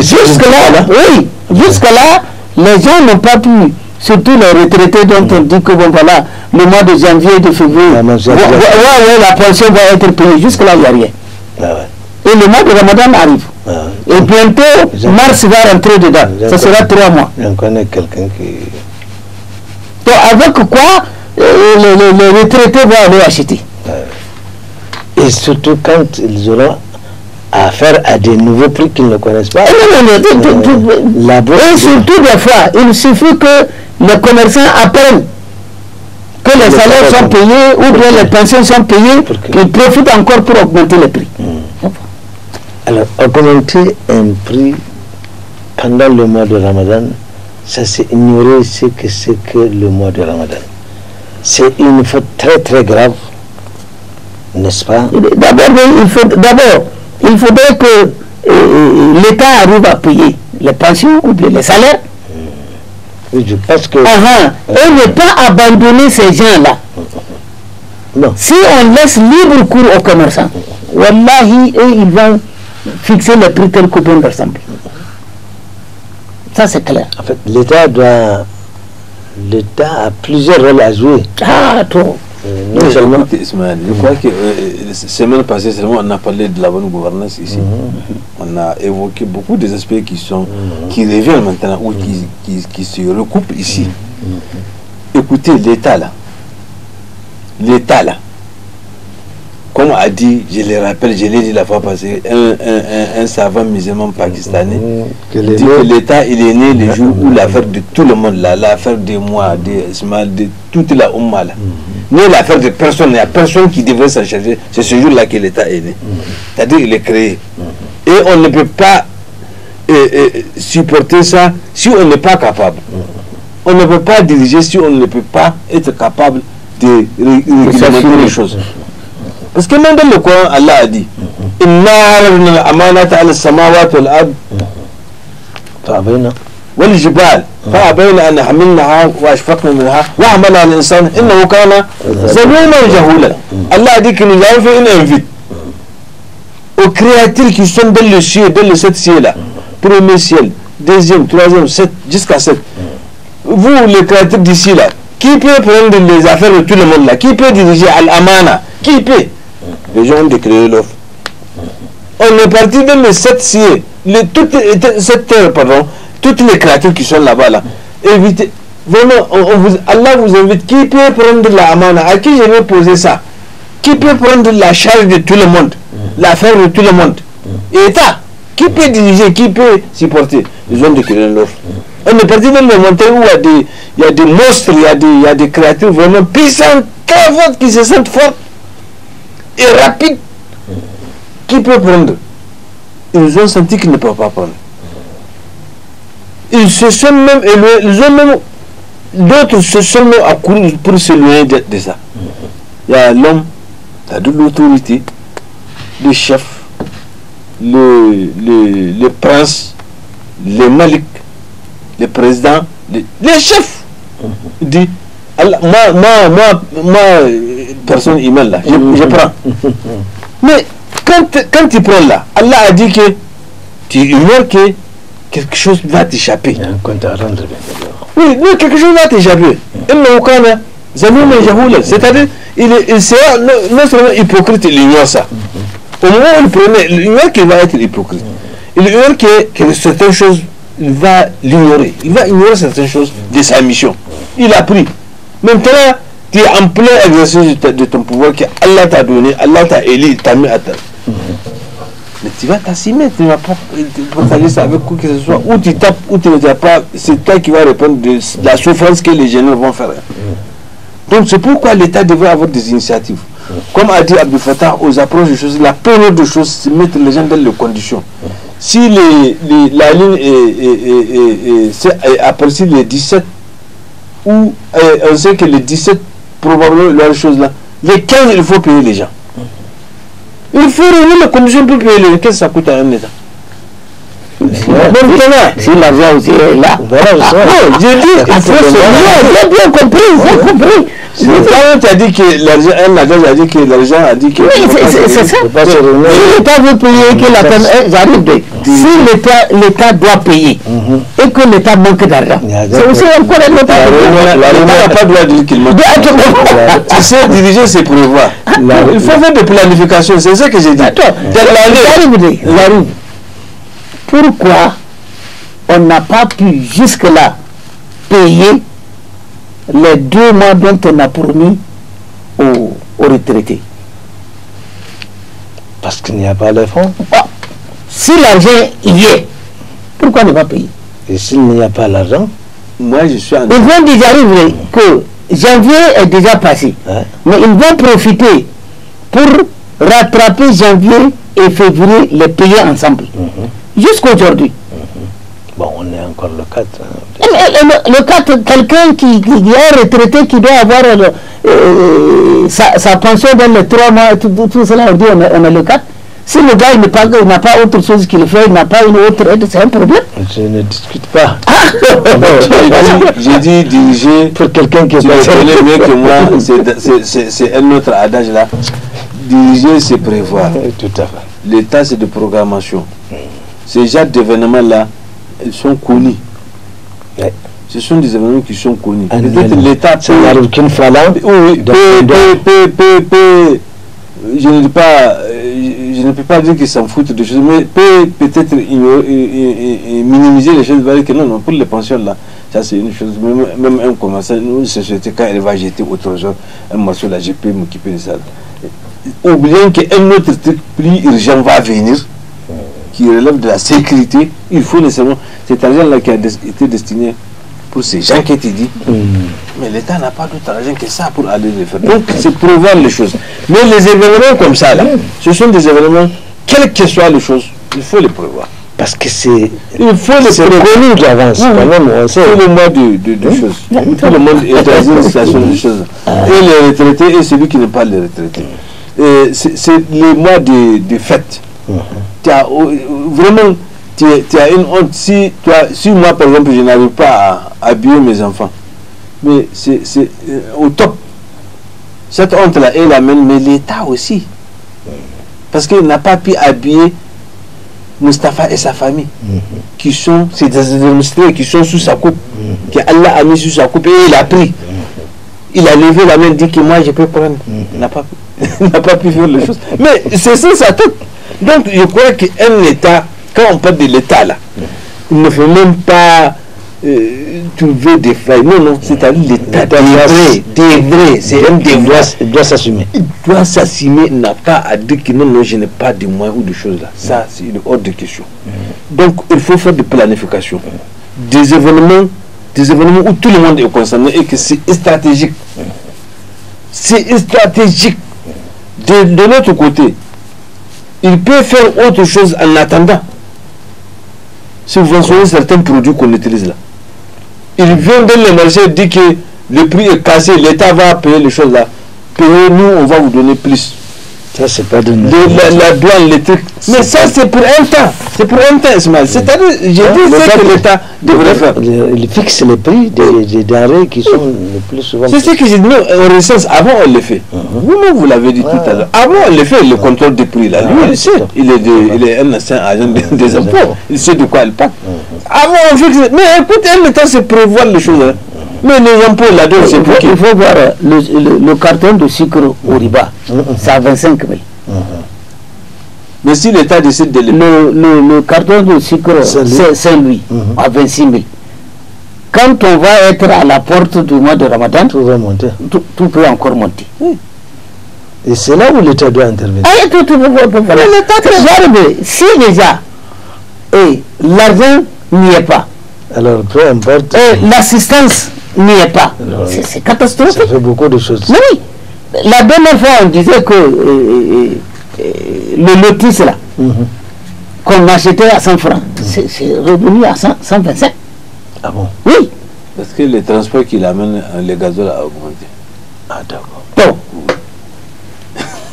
Jusque-là, oui, jusque-là, les gens n'ont pas pu surtout les retraités dont on dit que bon voilà, le mois de janvier et de février, la pension va être payée. Jusque-là, il n'y a rien. Ah et le mois de Ramadan arrive. Ah et bientôt, Mars va rentrer dedans. Ça sera trois mois. J'en connais quelqu'un qui. Donc avec quoi euh, les retraités vont vont aller acheter. Ah et surtout quand ils auront affaire à des nouveaux prix qu'ils ne connaissent pas. et surtout des fois, il suffit que les commerçants apprennent que les salaires sont payés ou bien les pensions sont payées, qu'ils profitent encore pour augmenter les prix. Hmm. Alors, augmenter un prix pendant le mois de Ramadan, ça c'est ignorer ce que c'est que le mois de Ramadan. C'est une faute très très grave, n'est-ce pas D'abord, il, faudrait que euh, euh, l'État arrive à payer les pensions ou les salaires. Hmm. Oui, je pense que... on ne peut ne pas abandonner ces gens-là. Non. Si on laisse libre cours aux commerçants, wallahi, eux, ils vont fixer les prix tels que bon Ça, c'est clair. En fait, l'État doit. L'État a plusieurs rôles à jouer. Ah, trop. Euh, seulement. je crois que euh, semaine passée seulement, on a parlé de la bonne gouvernance ici. Mhm. On a évoqué beaucoup des aspects qui sont mhm. qui reviennent maintenant ou qui, mhm. qui, se recoupent ici. Écoutez, l'État là, l'État là, comme a dit, je le rappelle, je l'ai dit la fois passée, un, un, savant musulman pakistanais mm-hmm. dit que l'État il est né le mm-hmm. jour où l'affaire de tout le monde, l'affaire de moi, de tout de toute la Oumma, n'est mm-hmm. l'affaire de personne, il n'y a personne qui devrait s'en charger. C'est ce jour-là que l'État est né. C'est-à-dire qu'il est créé. Et on ne peut pas euh, euh, supporter ça si on n'est pas capable. On ne peut pas diriger si on ne peut pas être capable de réguler les choses parce que nan le Coran, Allah adi mm-hmm. inna arna al-amanata ala samawati wal ard mm-hmm. fa wal jibal fa mm-hmm. baina an hamilnaha wa ashfaqna minha wa hamala al-insan innahu kana zaluman jahula Allah adi kin ya fi in invite aux créatures qui sont dans le ciel, dans les sept cieux-là, premier ciel, deuxième, troisième, sept, jusqu'à sept. Vous, les créatures d'ici-là, qui peut prendre les affaires de tout le monde-là Qui peut diriger Al-Amana Qui peut les gens ont déclaré l'offre. On est parti même les sept sièges, les, toutes, cette terre, pardon, toutes les créatures qui sont là-bas, là. Vraiment, Allah vous invite. Qui peut prendre la amana À qui je vais poser ça Qui peut prendre la charge de tout le monde La L'affaire de tout le monde État Qui peut diriger Qui peut supporter gens ont déclaré l'offre. On est parti dans les montagnes où il y a des, monstres, il y a des, il y a des créatures vraiment puissantes, qui se sentent fortes rapide qui peut prendre. Ils ont senti qu'ils ne peuvent pas prendre. Ils se sont même éloignés, ils ont même d'autres se sont même accourus pour se de, de ça. Il y a l'homme, la double autorité de l'autorité, le chef, le, le, prince, les malik, les présidents, les, chefs. dit, moi, moi, moi, moi personne humaine là. Je, prends. Mais quand, quand tu prends là, Allah a dit que tu ignores que quelque chose va t'échapper. Oui, quelque chose va t'échapper. C'est-à-dire, il, il sera non seulement hypocrite, il ignore ça. Au moment où il prenait, il ignore qu'il va être hypocrite. Il ignore que, que certaines choses, il va l'ignorer. Il va ignorer certaines choses de sa mission. Il a pris. Maintenant, tu es en plein exercice de, ton pouvoir que Allah t'a donné, Allah t'a élu, t'a mis à terre. Mais tu vas t'assimiler tu ne vas pas partager ça avec quoi que ce soit. Ou tu tapes, ou tu ne tapes pas, c'est toi qui vas répondre de la souffrance que les jeunes vont faire. Donc c'est pourquoi l'État devrait avoir des initiatives. Comme a dit Abdel Fattah, aux approches de choses, la première de choses, c'est mettre les gens dans les conditions. Si les, la ligne est, est, les 17, ou on sait que les 17 probablement leur chose là. Les 15, il faut payer les gens. Mm-hmm. Il faut réunir la conditions pour payer les 15 ça coûte à un État voilà. Si l'argent aussi est là. Voilà, je ah, non, j'ai dit, ah, c'est bien, bien compris, bien compris. Quand tu as dit que l'argent, un agent a dit que l'argent a dit que. mais c'est ça. L'État veut payer que la peine. J'arrive Si l'État doit payer mhm. et que l'État manque d'argent, c'est aussi encore un autre ah, L'État n'a pas le droit de dire qu'il manque [LAUGHS] Tu sais, diriger, c'est prévoir. Ah, Il faut faire des planifications, c'est ça que j'ai dit. Dans la rue pourquoi on n'a pas pu jusque-là payer les deux mois dont on a promis aux, retraités Parce qu'il n'y a pas les fonds. Ah, si l'argent y est, pourquoi ne pas payer Et s'il n'y a pas l'argent Moi, je suis en... Ils vont déjà arriver que janvier est déjà passé. Mais ils vont profiter pour rattraper janvier et février, les payer ensemble. Mhm jusqu'aujourd'hui. Mhm. Bon, on est encore le 4. Hein. Eh, eh, le, 4, quelqu'un qui, qui, est retraité, qui doit avoir euh, euh, sa, pension dans les 3 mois, tout, tout cela, on dit on est, le 4. Si le gars n'a pas, pas autre chose qu'il fait, il n'a pas une autre aide, c'est un problème. Je ne discute pas. [LAUGHS] Ah! [LAUGHS] J'ai dit diriger. Pour quelqu'un qui est Tu que moi, [LAUGHS] c'est un autre adage là. Diriger, c'est prévoir. Tout à fait. L'état, c'est de programmation. Ces genres d'événements-là, ils sont connus. Ce sont des événements qui sont connus. L'État peut... Je ne dis pas... Euh, je ne peux pas dire qu'ils s'en foutent de choses, mais peut peut-être minimiser les choses. non, non, pour les pensions, là, ça c'est une chose. Même, un commerçant, une société, quand elle va jeter autre chose, un morceau, là, je peux m'occuper de ça. que qu'un autre truc plus urgent va venir qui de la sécurité, il faut nécessairement cet argent-là qui a été destiné pour ces gens qui étaient dit. Hmm. Mais l'État n'a pas d'autre argent que ça pour aller les faire. Donc, c'est prévoir les choses. Mais les événements comme ça, là, ce sont des événements, quelles que soient les choses, il faut les prévoir. Parce que c'est. Il faut les prévenir d'avance, même, le monde de, choses. Tout le monde est dans une situation de choses. Ah. Et les retraités et celui qui n'est pas les retraités. C'est le mois de, de fêtes. Mhm tu as euh, vraiment tu, as une honte. Si, toi, si moi, par exemple, je n'arrive pas à habiller mes enfants, mais c'est euh, au top. Cette honte-là, elle amène, mais l'État aussi. Parce qu'il n'a pas pu habiller Mustapha et sa famille, mm-hmm. qui sont, c'est des qui sont sous sa coupe, mm-hmm. que Allah a mis sous sa coupe et il a pris. Mm-hmm. Il a levé la main, dit que moi je peux prendre. [LAUGHS] n'a pas, pu faire les choses. Mais c'est ça sa tête. Donc je crois qu'un État, quand on parle de l'État là, il ne faut même pas euh, trouver des failles. Non, non, c'est-à-dire l'État c'est un Il doit s'assumer. Il doit s'assumer, n'a pas à dire que non, non, je n'ai pas de moyens ou de choses là. Ça, mm. c'est hors de question. Mm. Donc il faut faire de planification. Des événements, des événements où tout le monde est concerné et que c'est stratégique. Mm. C'est stratégique. De, de côté, il peut faire autre chose en attendant. Si vous en souvenez certains produits qu'on utilise là, il vient dans le marché dit que le prix est cassé, l'État va payer les choses là. Payez-nous, on va vous donner plus. Ça, c'est pas de... Le, la, la, Mais ça, c'est pour un temps. C'est pour un temps, Ismaël. C'est-à-dire, je dis c'est ah, que l'État devrait faire. Il fixe les prix des, des denrées qui sont le plus souvent. C'est ce que j'ai dit. en recense. Avant, on le fait. Uh-huh. vous nous vous l'avez dit tout à l'heure. Avant, on le fait, le contrôle des prix. Là. Ah, Lui, il sait. Il est, de, il est un ancien agent des impôts. Il sait de quoi il parle. Avant, on fixe. Mais écoute, un temps, c'est prévoir les choses. Hein. Mais les impôts là-dedans, c'est pour Il faut voir le, carton de sucre au riba. C'est à 25 000. Mais si l'État décide de le, le, le, carton de sucre Saint-Louis, mm-hmm. à 26 000. Quand on va être à la porte du mois de Ramadan, tout, va monter. tout, peut encore monter. Et c'est là où l'État doit intervenir. Ah, tout, tout, voilà. Mais si déjà l'argent n'y est pas, alors peu importe. L'assistance n'y est pas. C'est catastrophique. Ça fait beaucoup de choses. oui. La dernière fois, on disait que euh, euh, euh, le lotus, là, mhm. qu'on achetait à 100 francs, mhm. c'est revenu à 100, 125. Ah bon Oui. Parce que les transports qui l'amènent, les gazole a augmenté. Ah d'accord. Bon.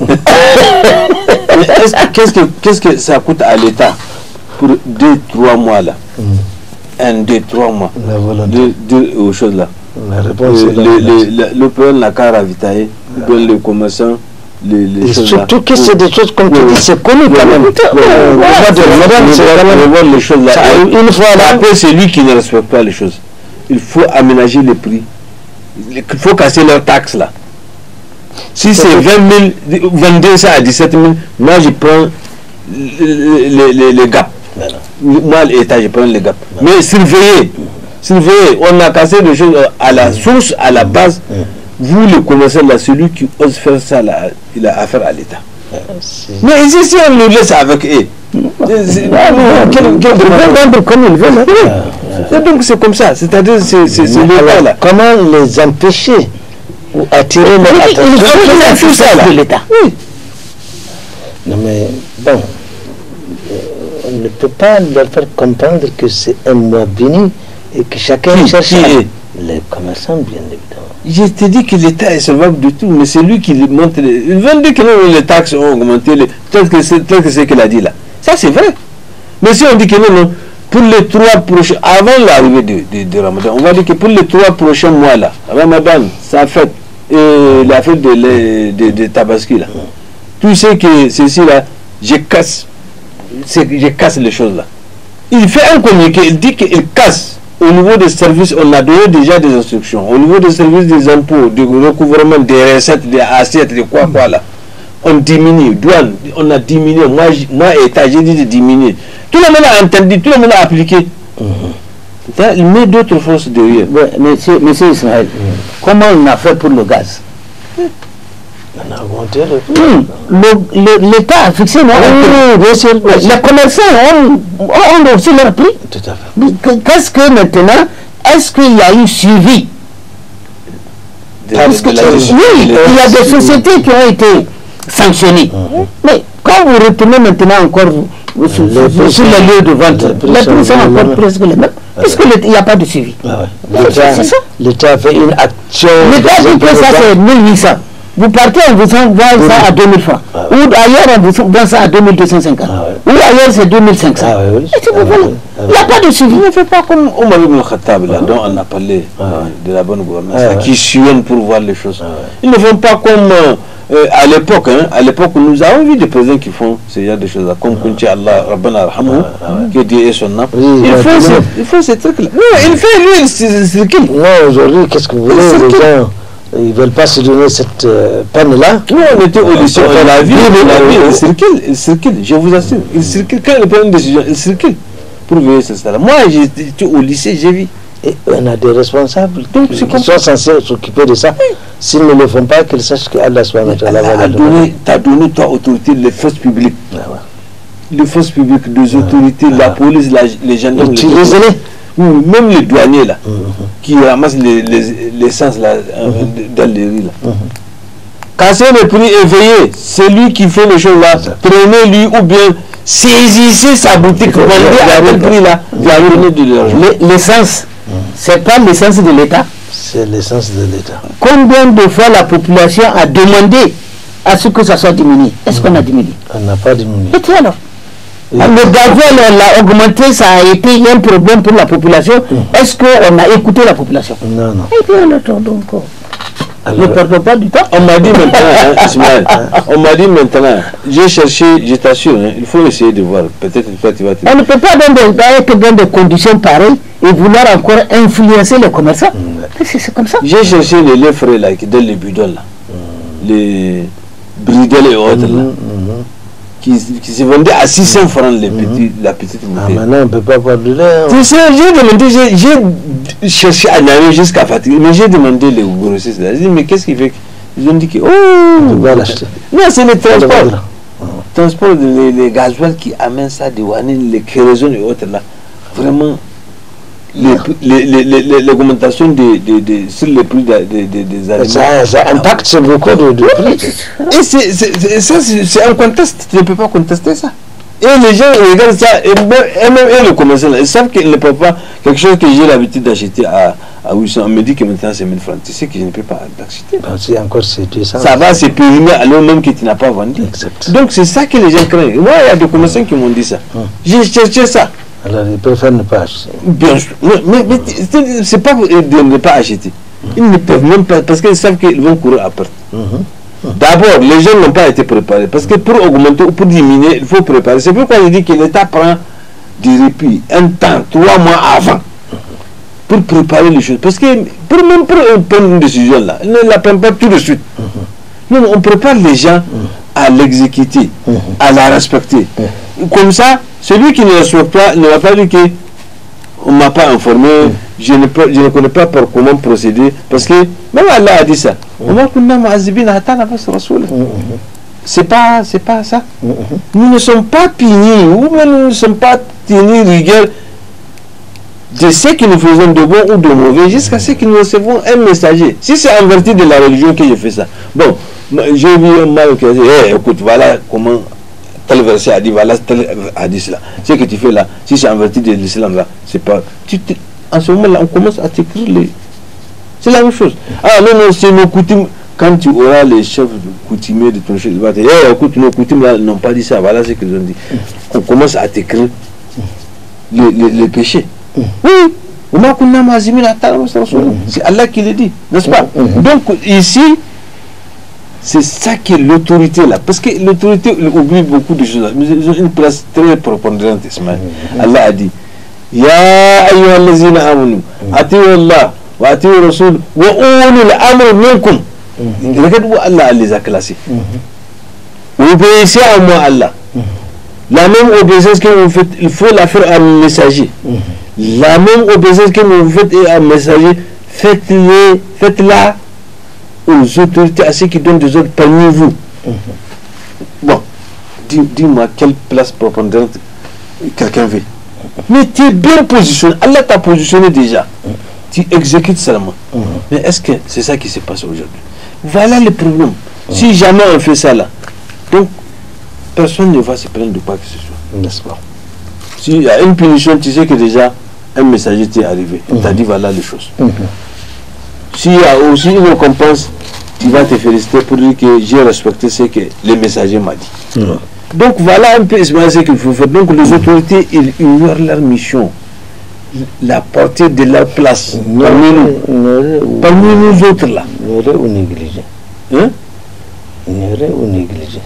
[LAUGHS] Qu'est-ce que, que ça coûte à l'État pour deux, trois mois là mhm un, deux, trois mois. La Deux, aux choses là. La réponse le, est euh, le, le, la le n'a qu'à ravitailler. Le commerçant. Les, les et surtout que c'est des choses comme oui. tu dis, c'est connu quand même. les choses là. Une fois là. Après, c'est lui qui ne respecte pas les choses. Il faut aménager les prix. Il faut casser leurs taxes là. Si c'est 20 000, 22 ça à 17 000, moi je prends les, les, les gaps. Voilà moi, l'État, je prends le gap. Mais surveillez. surveiller, on a cassé les choses euh, à la mm. source, à la base. Mm. Vous, le connaissez là, celui qui ose faire ça, il a affaire à l'État. Mm. Mais ici, si on nous laisse avec eux, donc c'est comme ça, c'est-à-dire c'est Comment les empêcher ou attirer leur de l'État. Non mais bon, on ne peut pas leur faire comprendre que c'est un mois béni et que chacun cherche les commerçants, bien évidemment. Je te dis que l'État est solvable du tout, mais c'est lui qui montre. Les... 22 que les taxes ont augmenté, que c'est ce qu'il a dit là. Ça, c'est vrai. Mais si on dit que non, non, pour les trois prochains, avant l'arrivée de, Ramadan, on va dire que pour les trois prochains mois là, Ramadan, sa fête, la fête de, de, Tabaski là, mm. tout sais que ceci là, je casse je casse les choses là. Il fait un communiqué, il dit qu'il casse. Au niveau des services, on a donné déjà des instructions. Au niveau des services des impôts, du recouvrement des recettes, des assiettes, de quoi quoi là. On diminue, douane, on a diminué. Moi, moi État, j'ai dit de diminuer. Tout le monde a entendu, tout le monde a appliqué. Mhm. il met d'autres forces derrière. monsieur, c'est comment on a fait pour le gaz L'État a fixé non Les commerçants ont, ont aussi leur prix. Tout à fait. Qu'est-ce que maintenant, est-ce qu'il y a eu suivi Parce oui, il y a des sociétés qui ont été sanctionnées. Mhm. Mais quand vous retournez maintenant encore sur, les lieux de vente, les prix sont encore presque les mêmes. Parce qu'il n'y a pas de suivi. Ah L'État a fait une action. L'État dit que ça c'est 1800. Vous partez en vous faisant ça à 2000 francs. Ah Ou ailleurs, en vous ça à 2250. Ah Ou ailleurs, c'est 2500. Ah c'est Il n'y a pas de suivi. Ne fait pas comme Omar ibn Khattab, dont on a parlé de la bonne gouvernance, qui suivent pour voir les choses. Ils ne font pas comme. Euh, euh, à l'époque, hein. à l'époque, nous avons vu des présidents qui font ce genre de choses-là, comme Kunti Allah, Rabban Arhamou, que Dieu est son nom. il, fait ce, truc là Non, il fait, lui, ce qu'il. Non, aujourd'hui, qu'est-ce que vous voulez, les ils ne veulent pas se donner cette euh, peine-là. Nous, on était au lycée, on la vie, la vie, il circule, circule, je vous assure. Il circule, quand il prend une décision, il circule pour veiller stade cela. Moi, j'étais au lycée, j'ai vu. Et on a des responsables Donc, qui, qui sont censés s'occuper de ça. S'ils ne le font pas, qu'ils sachent que Allah soit notre Allah. Tu as donné, toi, autorité, les forces publiques. Les forces publiques, les autorités, la police, la, les gendarmes. tu les même les douaniers là, hum, hum, hum. qui ramassent l'essence euh, dans les rues là. quand c'est le prix éveillé C'est lui qui fait le choses Prenez-lui ou bien saisissez sa boutique. Vendez à quel prix là. L'essence, c'est pas l'essence de l'État. C'est l'essence de l'État. Combien de fois la population a demandé à ce que ça soit diminué Est-ce qu'on a diminué On n'a pas diminué le gazole on l'a augmenté, ça a été un problème pour la population. Est-ce qu'on a écouté la population Non, non. Et eh puis on attend encore. On ne perdons pas du temps. On m'a dit maintenant, hein, [LAUGHS] Ismaël, hein, on m'a dit maintenant, j'ai cherché, je t'assure, hein, il faut essayer de voir. Peut-être tu vas te... On ne peut pas être dans des conditions pareilles et vouloir encore influencer les commerçants. Mm. C'est comme ça. J'ai cherché les lèvres là, donnent les bidons là. Les brigades et autres là. Mm, mm, qui, se vendait à 600 francs les mhm. petits, la petite bouteille. Ah, maintenant, on ne peut pas avoir de l'air. Tu sais, j'ai demandé, j'ai cherché à aller jusqu'à fatiguer, mais j'ai demandé les grossistes. J'ai dit, mais qu'est-ce qu'il fait Ils ont dit que. Oh l'acheter. Non, c'est le transport. Transport, les, les gasoils qui amènent ça de Wanin, les kérosènes et autres là. Vraiment l'augmentation des, sur les prix des, des aliments. Ça, ça, impacte sur beaucoup de, de prix. Et ça, c'est un conteste. Tu ne peux pas contester ça. Et les gens regardent ça, et même, les commerçants, ils savent qu'ils ne peuvent pas. Quelque chose que j'ai l'habitude d'acheter à, à 800, on me dit que maintenant c'est 1000 francs. Tu sais que je ne peux pas l'acheter. Ah, c'est Ça va, c'est périmé alors même que tu n'as pas vendu. Donc c'est ça que les gens craignent. Moi, il y a des commerçants qui m'ont dit ça. Hum. J'ai cherché ça. Alors, ils préfèrent ne pas acheter. Bien sûr. Mais, mais c'est pas de ne pas acheter. Ils ne peuvent même pas, parce qu'ils savent qu'ils vont courir à perte. Hum, hum, hum. D'abord, les gens n'ont pas été préparés. Parce que pour augmenter ou pour diminuer, il faut préparer. C'est pourquoi je dis que l'État prend du répit un temps, trois mois avant, pour préparer les choses. Parce que pour même pour prendre une décision là, ils ne la prennent pas tout de suite. Non, on prépare les gens à l'exécuter, mhm. à la respecter. Mhm. Comme ça, celui qui ne la pas ne va pas dire que on m'a pas informé, mhm. je, ne peux, je ne connais pas par comment procéder. Parce que même Allah a dit ça. C'est pas, c'est pas ça. Nous ne sommes pas punis, ou même nous ne sommes pas tenus rigueur de ce que nous faisons de bon ou de mauvais jusqu'à ce que nous recevons un messager. Si c'est en vertu de la religion que je fais ça. Bon, j'ai vu un mal qui a dit, eh, écoute, voilà comment tel verset a dit, voilà tel a dit cela. Ce que tu fais là, si c'est en vertu de l'islam là, c'est pas... en ce moment là, on commence à t'écrire C'est la même chose. Ah non, non, c'est nos coutumes. Quand tu auras les chefs coutumiers de ton chef, ils vont dire, eh, écoute, nos coutumes là n'ont pas dit ça, voilà ce qu'ils ont dit. On commence à t'écrire les, les péchés. Mm. Oui, mm. c'est Allah qui le dit, n'est-ce pas mm. Donc ici, c'est ça qui est l'autorité là. Parce que l'autorité oublie beaucoup de choses. Mais ils ont une place très prépondérante, Allah a dit Ya ayyuha allazina amanu, atiyu Allah wa atiyu Rasul wa ulul amr minkum. Regarde où Allah les a classés. Obéissez à moi, Allah. La même obéissance que vous faites, il faut la faire à un messager. La même obéissance que vous faites à un messager, faites-le, faites-la aux autorités, à ceux qui donnent des ordres parmi vous. Mhm. Bon, dis-moi quelle place propondante quelqu'un veut. Mais tu es bien positionné. Allah t'a positionné déjà. Mhm. Tu exécutes seulement. Mhm. Mais est-ce que c'est ça qui se passe aujourd'hui Voilà le problème. Si jamais on fait ça là, donc personne ne va se plaindre de quoi que ce soit. N'est-ce pas S'il y a une punition, tu sais que déjà, un messager t'est arrivé. Il t'a mhm. dit voilà les choses. a mhm. aussi ah, oh, une récompense, il va te féliciter pour dire que j'ai respecté ce que le messager m'a dit. Donc voilà un peu ce qu'il faut faire. Donc les mhm. autorités, ils ignorent leur mission, la portée de leur place parmi nous, parmi nous autres là. Ignorer ou négliger. Hein? Ignorer ou négliger.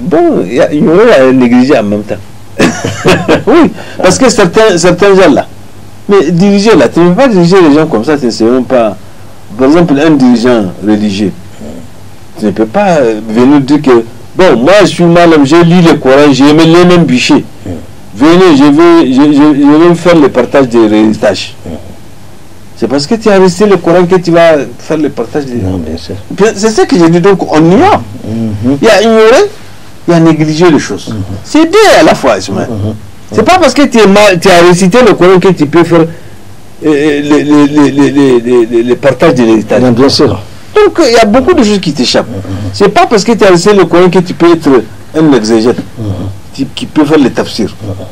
Bon, il y aurait une église en même temps. [LAUGHS] oui, parce que certains, certains gens là, mais diriger là, tu ne peux pas diriger les gens comme ça, tu ne sais même pas. Par exemple, un dirigeant religieux, tu ne peux pas euh, venir dire que, bon, moi je suis mal, j'ai lu le Coran, j'ai aimé les mêmes bûchers. Venez, je vais, je, faire le partage des héritages. C'est parce que tu as resté le Coran que tu vas faire le partage des héritages. C'est ça que j'ai dit, donc on y mhm. Il y a ignoré, il y a négligé les choses. Mhm. C'est deux à la fois, Ismaël. C'est pas parce que tu, tu as récité le Coran que tu peux faire euh, euh, les le, partage de l'héritage. Bien sûr. Donc il y a beaucoup de choses qui t'échappent. C'est pas parce que tu as récité le Coran que tu peux être un exégète qui, qui peut faire tafsirs. Ce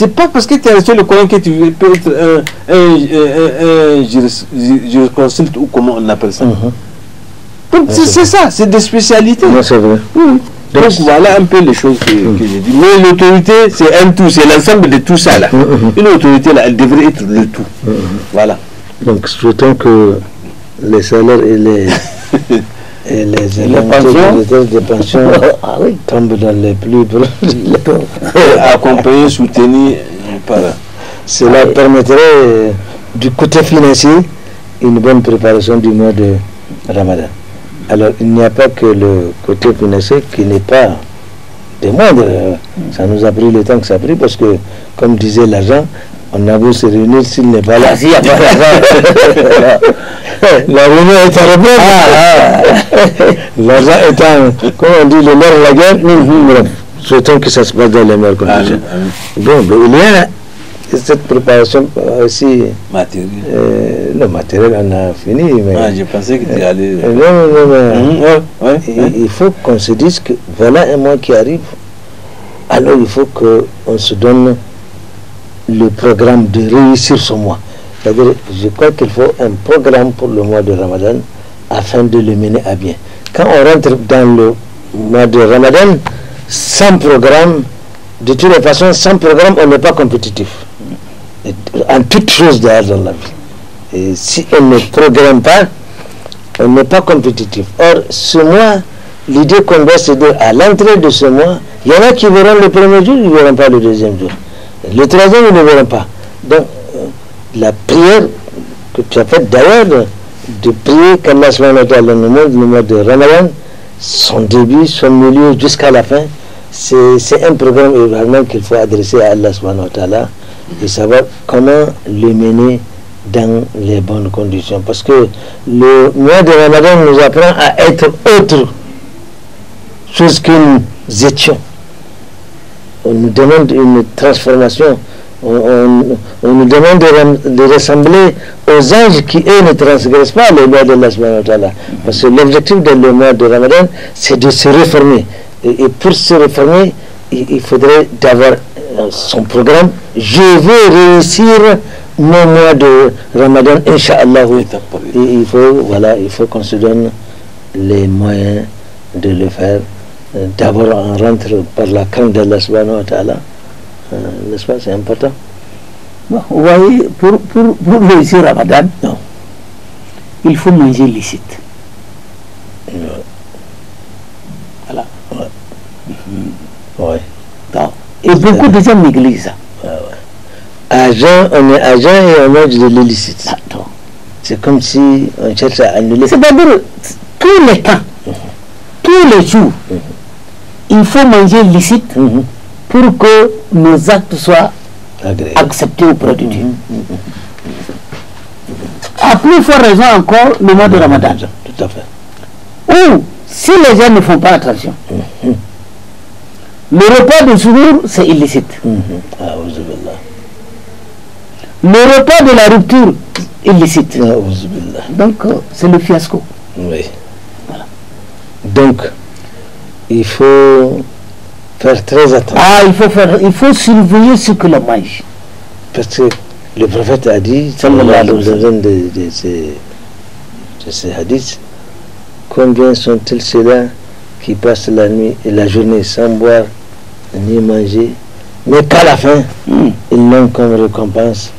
C'est pas parce que tu as récité le Coran que tu peux être un, un, un, jurisconsulte ou comment on appelle ça. Mhm. Donc c'est ça, c'est des spécialités. c'est vrai. Donc, voilà un peu les choses que, que j'ai dit. Mais l'autorité, c'est un tout, c'est l'ensemble de tout ça. Là. Mm, mm, mm. Une autorité, là, elle devrait être le tout. Voilà. Donc souhaitons que les salaires et les, [LAUGHS] et les, pensions les [LAUGHS] ah, tombent dans les plus [LAUGHS] Accompagnés, soutenir par... Cela permettrait, euh, du côté financier, une bonne préparation du mois de Ramadan. Alors, il n'y a pas que le côté financier qui n'est pas des moindres. Ça nous a pris le temps que ça a pris parce que, comme disait l'agent, on a beau se réunir s'il n'est pas là. a pas la réunion est à rebond. L'argent étant, comme on dit, le maire de la guerre, nous, souhaitons que ça se passe dans les meilleures conditions. Bon, il y a cette préparation euh, aussi. Euh, le matériel, on a fini. Mais, ah, je pensais que tu euh, allais. non, non, hum, il, faut qu'on se dise que voilà un mois qui arrive. Alors il faut qu'on se donne le programme de réussir ce mois. je crois qu'il faut un programme pour le mois de Ramadan afin de le mener à bien. Quand on rentre dans le mois de Ramadan, sans programme, de toutes les façons, sans programme, on n'est pas compétitif en toute chose derrière dans la vie. Et si on ne programme pas, on n'est pas compétitif. Or, ce mois, l'idée qu'on doit se à l'entrée de ce mois, il y en a qui verront le premier jour, ils ne verront pas le deuxième jour. Le troisième, ils ne verront pas. Donc, euh, la prière que tu as faite d'ailleurs, de, prier qu'Allah nous montre le mois de Ramadan, son début, son milieu jusqu'à la fin, c'est un programme qu'il faut adresser à Allah subhanahu wa ta'ala et savoir comment le mener dans les bonnes conditions. Parce que le mois de Ramadan nous apprend à être autre chose que nous étions. On nous demande une transformation. On, on, nous demande de, ressembler aux anges qui, eux, ne transgressent pas les lois de Allah. Parce que l'objectif de le mois de Ramadan, c'est de se réformer. Et, pour se réformer, il, il faudrait d'avoir euh, son programme, je veux réussir mon mois de Ramadan, Inch'Allah. Il faut, voilà, il faut qu'on se donne les moyens de le faire. Euh, d'abord, on rentre par la crainte de subhanahu wa ta'ala. Euh, n'est-ce pas, c'est important. vous voyez, pour, pour, réussir Ramadan, non. il faut manger licite. Voilà. oui et beaucoup de gens négligent ça. Ah agent, on est agent et on mange de l'illicite. Ah, C'est comme si on cherche à annuler. C'est-à-dire, tous les temps, mhm. tous les jours, mhm. il faut manger licite mhm. pour que nos actes soient acceptés auprès de Dieu. À plus fort raison encore, le mois de Ramadan. Tout à fait. Ou, si les gens ne font pas attention, le repas de sourire, c'est illicite. Ah, -hmm. Le repas de la rupture, illicite. Donc, euh, c'est le fiasco. Oui. Voilà. Donc, il faut faire très attention. Ah, il faut, faire, il faut surveiller ce que l'on mange. Parce que le prophète a dit, dans de, de, de ces hadiths, combien sont-ils ceux-là qui passent la nuit et la journée sans boire ni manger, mais qu'à la fin, hmm. ils n'ont comme récompense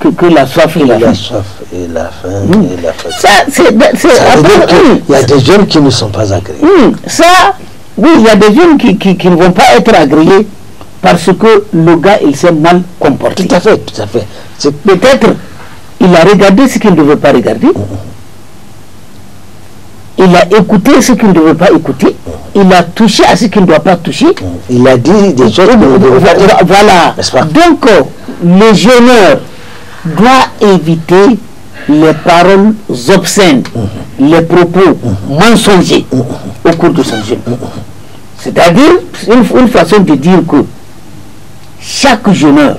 que, la soif et la, faim. Hmm. et la Il y a des jeunes qui ne sont pas agréés. Hmm. Ça, oui, il y a des jeunes qui, ne vont pas être agréés parce que le gars, il s'est mal comporté. Tout à fait, tout à fait. Peut-être il a regardé ce qu'il ne devait pas regarder. Il a écouté ce qu'il ne devait pas écouter. Il a touché à ce qu'il ne doit pas toucher. Il a dit des choses Voilà. Donc, euh, le jeuneur doit éviter les paroles obscènes, mm-hmm. les propos mm-hmm. mensongers mm-hmm. au cours de son jeûne. C'est-à-dire une, une, façon de dire que chaque jeûneur,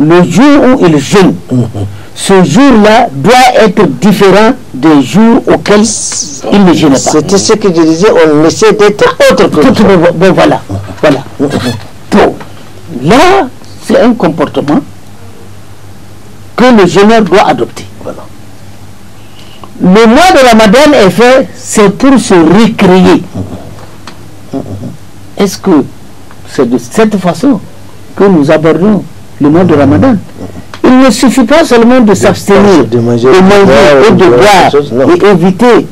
le jour où il jeûne, ce jour-là doit être différent des jours auxquels il ne gêne pas. C'était ce que je disais, on essaie d'être autre chose. Ben bon, voilà, Donc, là, c'est un comportement que le jeune doit adopter. Le mois de Ramadan est fait, c'est pour se recréer. Est-ce que c'est de cette façon que nous abordons le mois de Ramadan il ne suffit pas seulement de s'abstenir, de manger, de et de boire, et éviter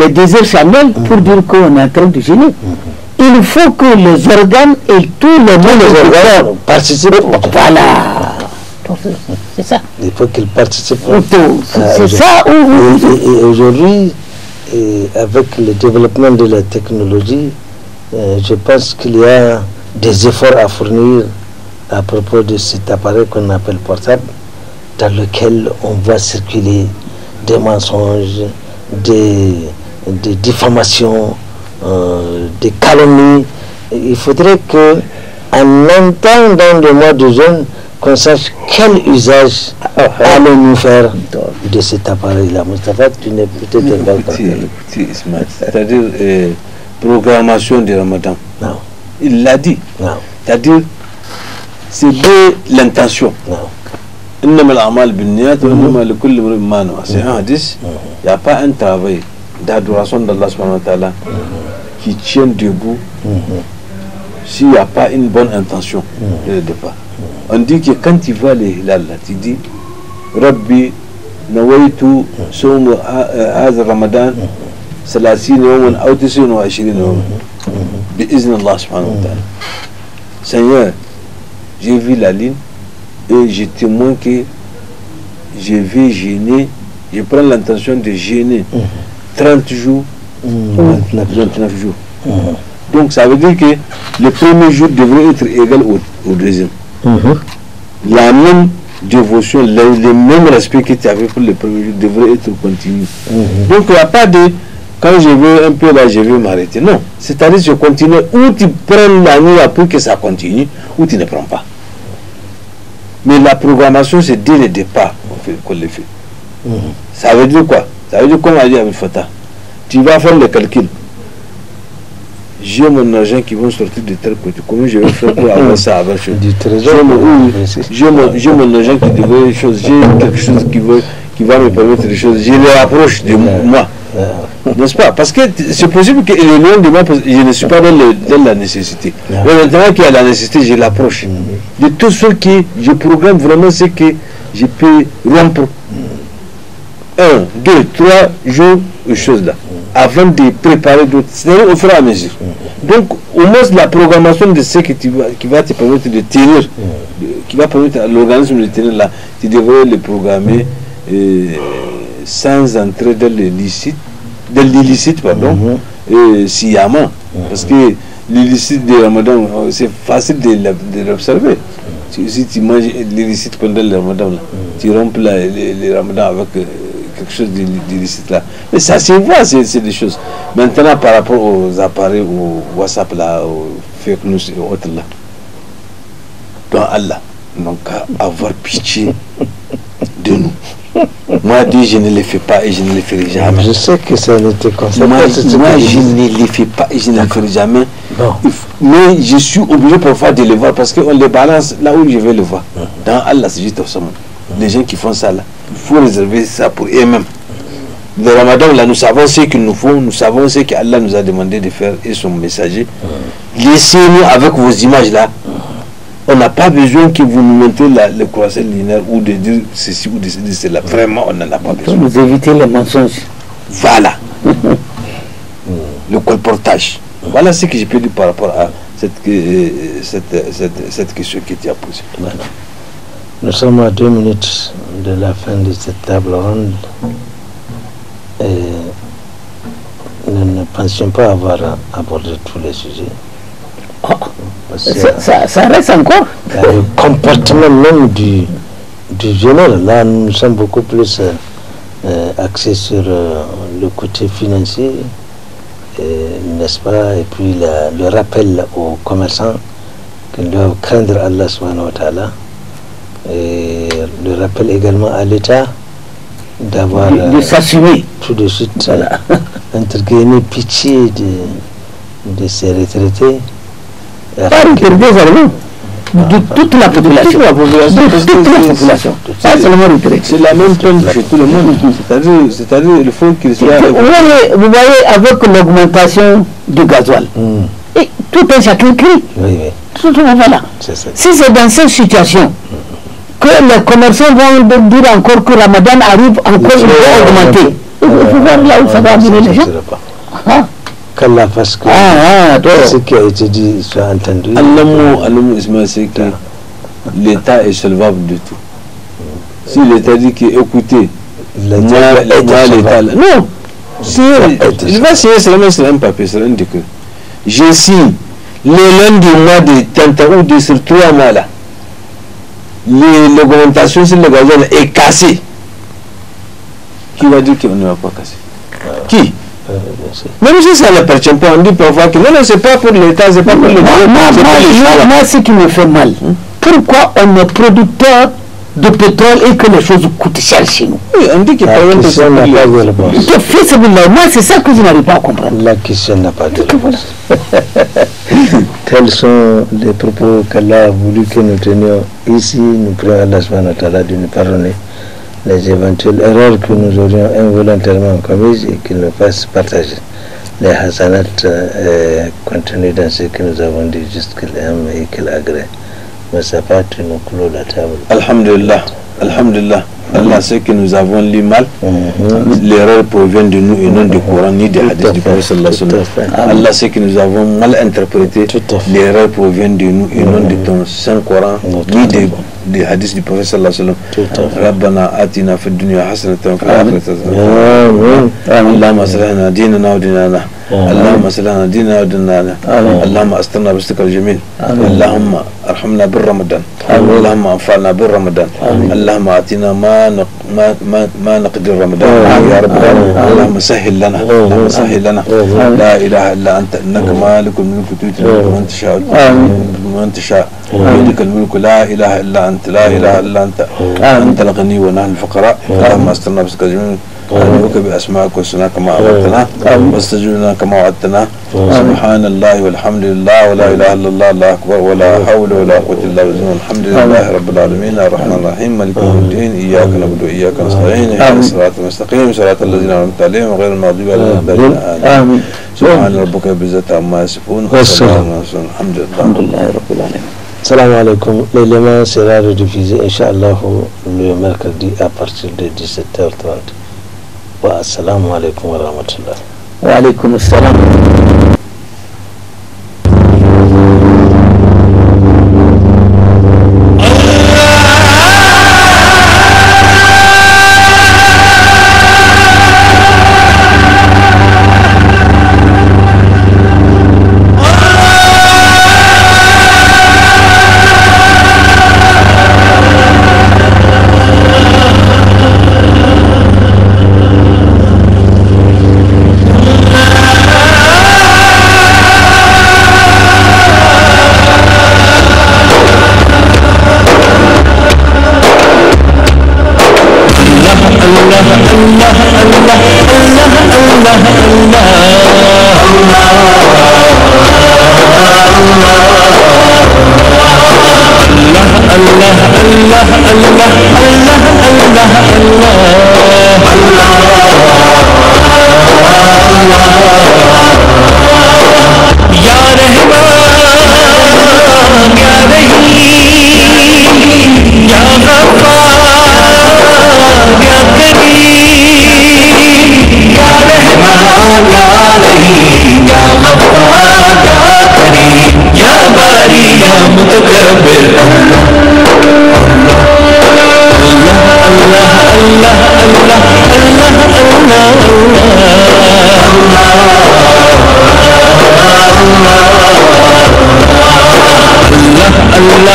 les déserts chanel mm. pour dire qu'on est en train de gêner. Mm. Il faut que les organes et tout les monde participent. Oh, voilà. C'est ça. Il faut qu'ils participent. Ah, c'est ça. Et, et aujourd'hui, avec le développement de la technologie, euh, je pense qu'il y a des efforts à fournir à propos de cet appareil qu'on appelle portable, dans lequel on voit circuler des mensonges, des, des diffamations, euh, des calomnies. Il faudrait que, en dans le mois de juin qu'on sache quel usage ah, ah. allons-nous faire de cet appareil-là. Moustapha, tu n'es peut-être pas. c'est-à-dire euh, programmation du ramadan. Non. Il l'a dit. C'est-à-dire c'est de l'intention إنما الأعمال بالنيات وإنما لكل امرئ ما نوى c'est un hadith il n'y a pas un travail d'adoration d'Allah subhanahu wa ta'ala qui tient debout s'il n'y a pas une bonne intention dès le départ on dit que quand tu vois les hilal là tu dis Rabbi nawaitu soum هذا رمضان 30 يوما أو 29 يوما بإذن الله سبحانه وتعالى Seigneur j'ai vu la ligne et je témoigne que je vais gêner, je prends l'intention de gêner 30 mmh. jours ou mmh. 29 jours. Mmh. Donc ça veut dire que le premier jour devrait être égal au, deuxième. La même dévotion, le, même respect que tu avais pour le premier jour devrait être continu. Donc il n'y a pas de quand je veux un peu là, je vais m'arrêter. Non, c'est-à-dire je continue ou tu prends la nuit pour que ça continue ou tu ne prends pas. Mais la programmation, c'est dès le départ qu'on les fait. Mhm. Ça veut dire quoi Ça veut dire qu'on a dit à Fata, tu vas faire le calcul. J'ai mon argent qui va sortir de tel côté. Comment je vais faire pour avoir ça avant [LAUGHS] chose J'ai mon, mon, argent qui les choses. J'ai quelque chose qui, qui va me permettre des choses. j'ai les approches de moi. [LAUGHS] N'est-ce pas Parce que c'est possible que euh, le nom de moi, je ne suis pas dans, la nécessité. Mais maintenant qu'il y a la nécessité, je l'approche. Mm. De tout ce qui je programme vraiment, ce que je peux rompre un, deux, trois jours une euh, chose là mm. avant de préparer d'autres. C'est-à-dire au fur et à mesure. Mm. Donc, au moins, la programmation de ce qui va te permettre de tenir, qui va permettre à l'organisme de tenir là, tu devrais le programmer euh, sans entrer dans les licites de l'illicite, pardon, mhm. et sciemment. Mhm. Parce que l'illicite de Ramadan, c'est facile de l'observer. Si tu manges l'illicite pendant le Ramadan, mhm. tu rompes le Ramadan avec euh, quelque chose d'illicite là. Mais ça se voit, c'est des choses. Maintenant, par rapport aux appareils, au WhatsApp là, aux fake news et autres là, dans Allah, donc à avoir pitié de nous. Moi, je ne les fais pas et je ne les ferai ah, jamais. Je sais que ça ne te concerne pas. Moi, je ne les fais pas et je ne les ferai jamais. Mais je suis obligé parfois de les voir parce qu'on les balance là où je vais le voir. Dans Allah, c'est juste Les gens qui font ça là, il faut réserver ça pour eux-mêmes. Le ramadan, là, nous savons ce qu'il nous faut, nous savons ce qu'Allah nous a demandé de faire et son messager. Laissez-nous avec vos images là. On n'a pas besoin que vous nous mettez la, le croissant linéaire ou de dire ceci ou de dire cela. Vraiment, on n'en a pas besoin. Vous éviter les mensonges. Voilà. [LAUGHS] le colportage. Voilà ce que je peux dire par rapport à cette, cette, cette, question qui était posée. Nous sommes à deux minutes de la fin de cette table ronde nous ne pensions pas avoir abordé tous les sujets. Ah. Ça, reste encore. Le comportement même du, du là, nous sommes beaucoup plus euh, euh, axés sur euh, le côté financier, n'est-ce pas, et puis le rappel aux commerçants qu'ils doivent craindre Allah subhanahu et le rappel également à l'État d'avoir... De, Tout de suite, entre guillemets, pitié de, de ces retraités. Euh, pas une ah, de toute la De toute la population. De toute la population. Pas seulement C'est la même peine chez tout le monde. C'est-à-dire il faut qu'il soit... Vous voyez, avec l'augmentation du gasoil, hmm. et tout un chacun crie. Oui, oui. Tout, tout, voilà. Si c'est dans cette situation que les commerçants vont dire encore que Ramadan arrive, encore il va augmenter. Vous pouvez voir là où ah, ça va amener les gens kalla que ah ah qui a été dit su an tandu Allah mu c'est que ah. l'état est solvable de tout si l'état dit que écoutez l'état non si il va signer seulement sur un papier sur un que je signe le lundi mois de 31 de sur trois mois là l'augmentation sur le gazole est cassée qui va dire qu'on ne va pas casser qui même si ça pertient pas, on dit voir que non, non, c'est pas pour l'État, c'est pas pour le gouvernement. Moi, ce qui me fait mal, hein? pourquoi on ne produit pas de pétrole et que les choses coûtent cher chez nous Oui, on dit que par c'est pas de Moi, c'est ça que je n'arrive pas à comprendre. La question n'a pas de réponse. [LAUGHS] Tels sont les propos qu'Allah a voulu que nous tenions ici. Nous prions la semaine à de nous pardonner les éventuelles erreurs que nous aurions involontairement commises et qu'ils nous fassent partager les hasanat euh, contenues dans ce que nous avons dit, juste qu'il aime et qu'il agrée. Mais ça part tu nous clôt la table. Alhamdulillah, Alhamdulillah. Mm-hmm. Allah sait que nous avons lu mal. Mm-hmm. L'erreur provient de nous et non du Coran ni des hadiths du prophète. Allah sait que nous avons mal interprété. L'erreur provient de nous et non de mm-hmm. ton Saint-Coran ni des لحديث النبي صلى الله عليه وسلم ربنا آتنا في الدنيا حسنة وفي الآخرة حسنة اللهم أصلحنا ديننا وديننا اللهم أصلحنا ديننا وديننا اللهم أسترنا بستك الجميل اللهم ارحمنا بالرمضان اللهم انفعنا بالرمضان اللهم آتنا ما نق... ما ما, ما نقدر رمضان يا رب اللهم سهل لنا اللهم سهل لنا لا إله إلا أنت إنك مالك الملك تؤتي من تشاء من تشاء بيدك الملك لا اله الا انت لا اله الا انت انت الغني ونحن الفقراء اللهم استرنا بسك جميعا ونبوك بأسمائك وسنا كما اردتنا واستجبنا كما وعدتنا سبحان الله والحمد لله ولا إله إلا الله الله أكبر ولا حول ولا قوة إلا بالله الحمد لله رب العالمين الرحمن الرحيم مالك يوم الدين إياك نعبد وإياك نستعين اهدنا الصراط المستقيم صراط الذين أنعمت عليهم غير المغضوب عليهم ولا الضالين آمين سبحان ربك رب العزه عما يصفون والسلام الحمد لله الحمد لله رب العالمين السلام عليكم ليلما ما سيرا ريديفيزي إن شاء الله le mercredi à partir دي 17h30. wa assalamu alaikum wa rahmatullah wa alaikum assalam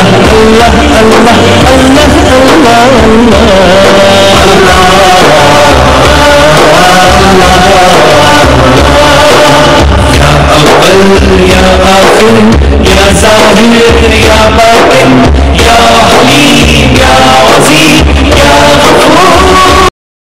الله الله الله الله الله الله الله يا أول يا آخر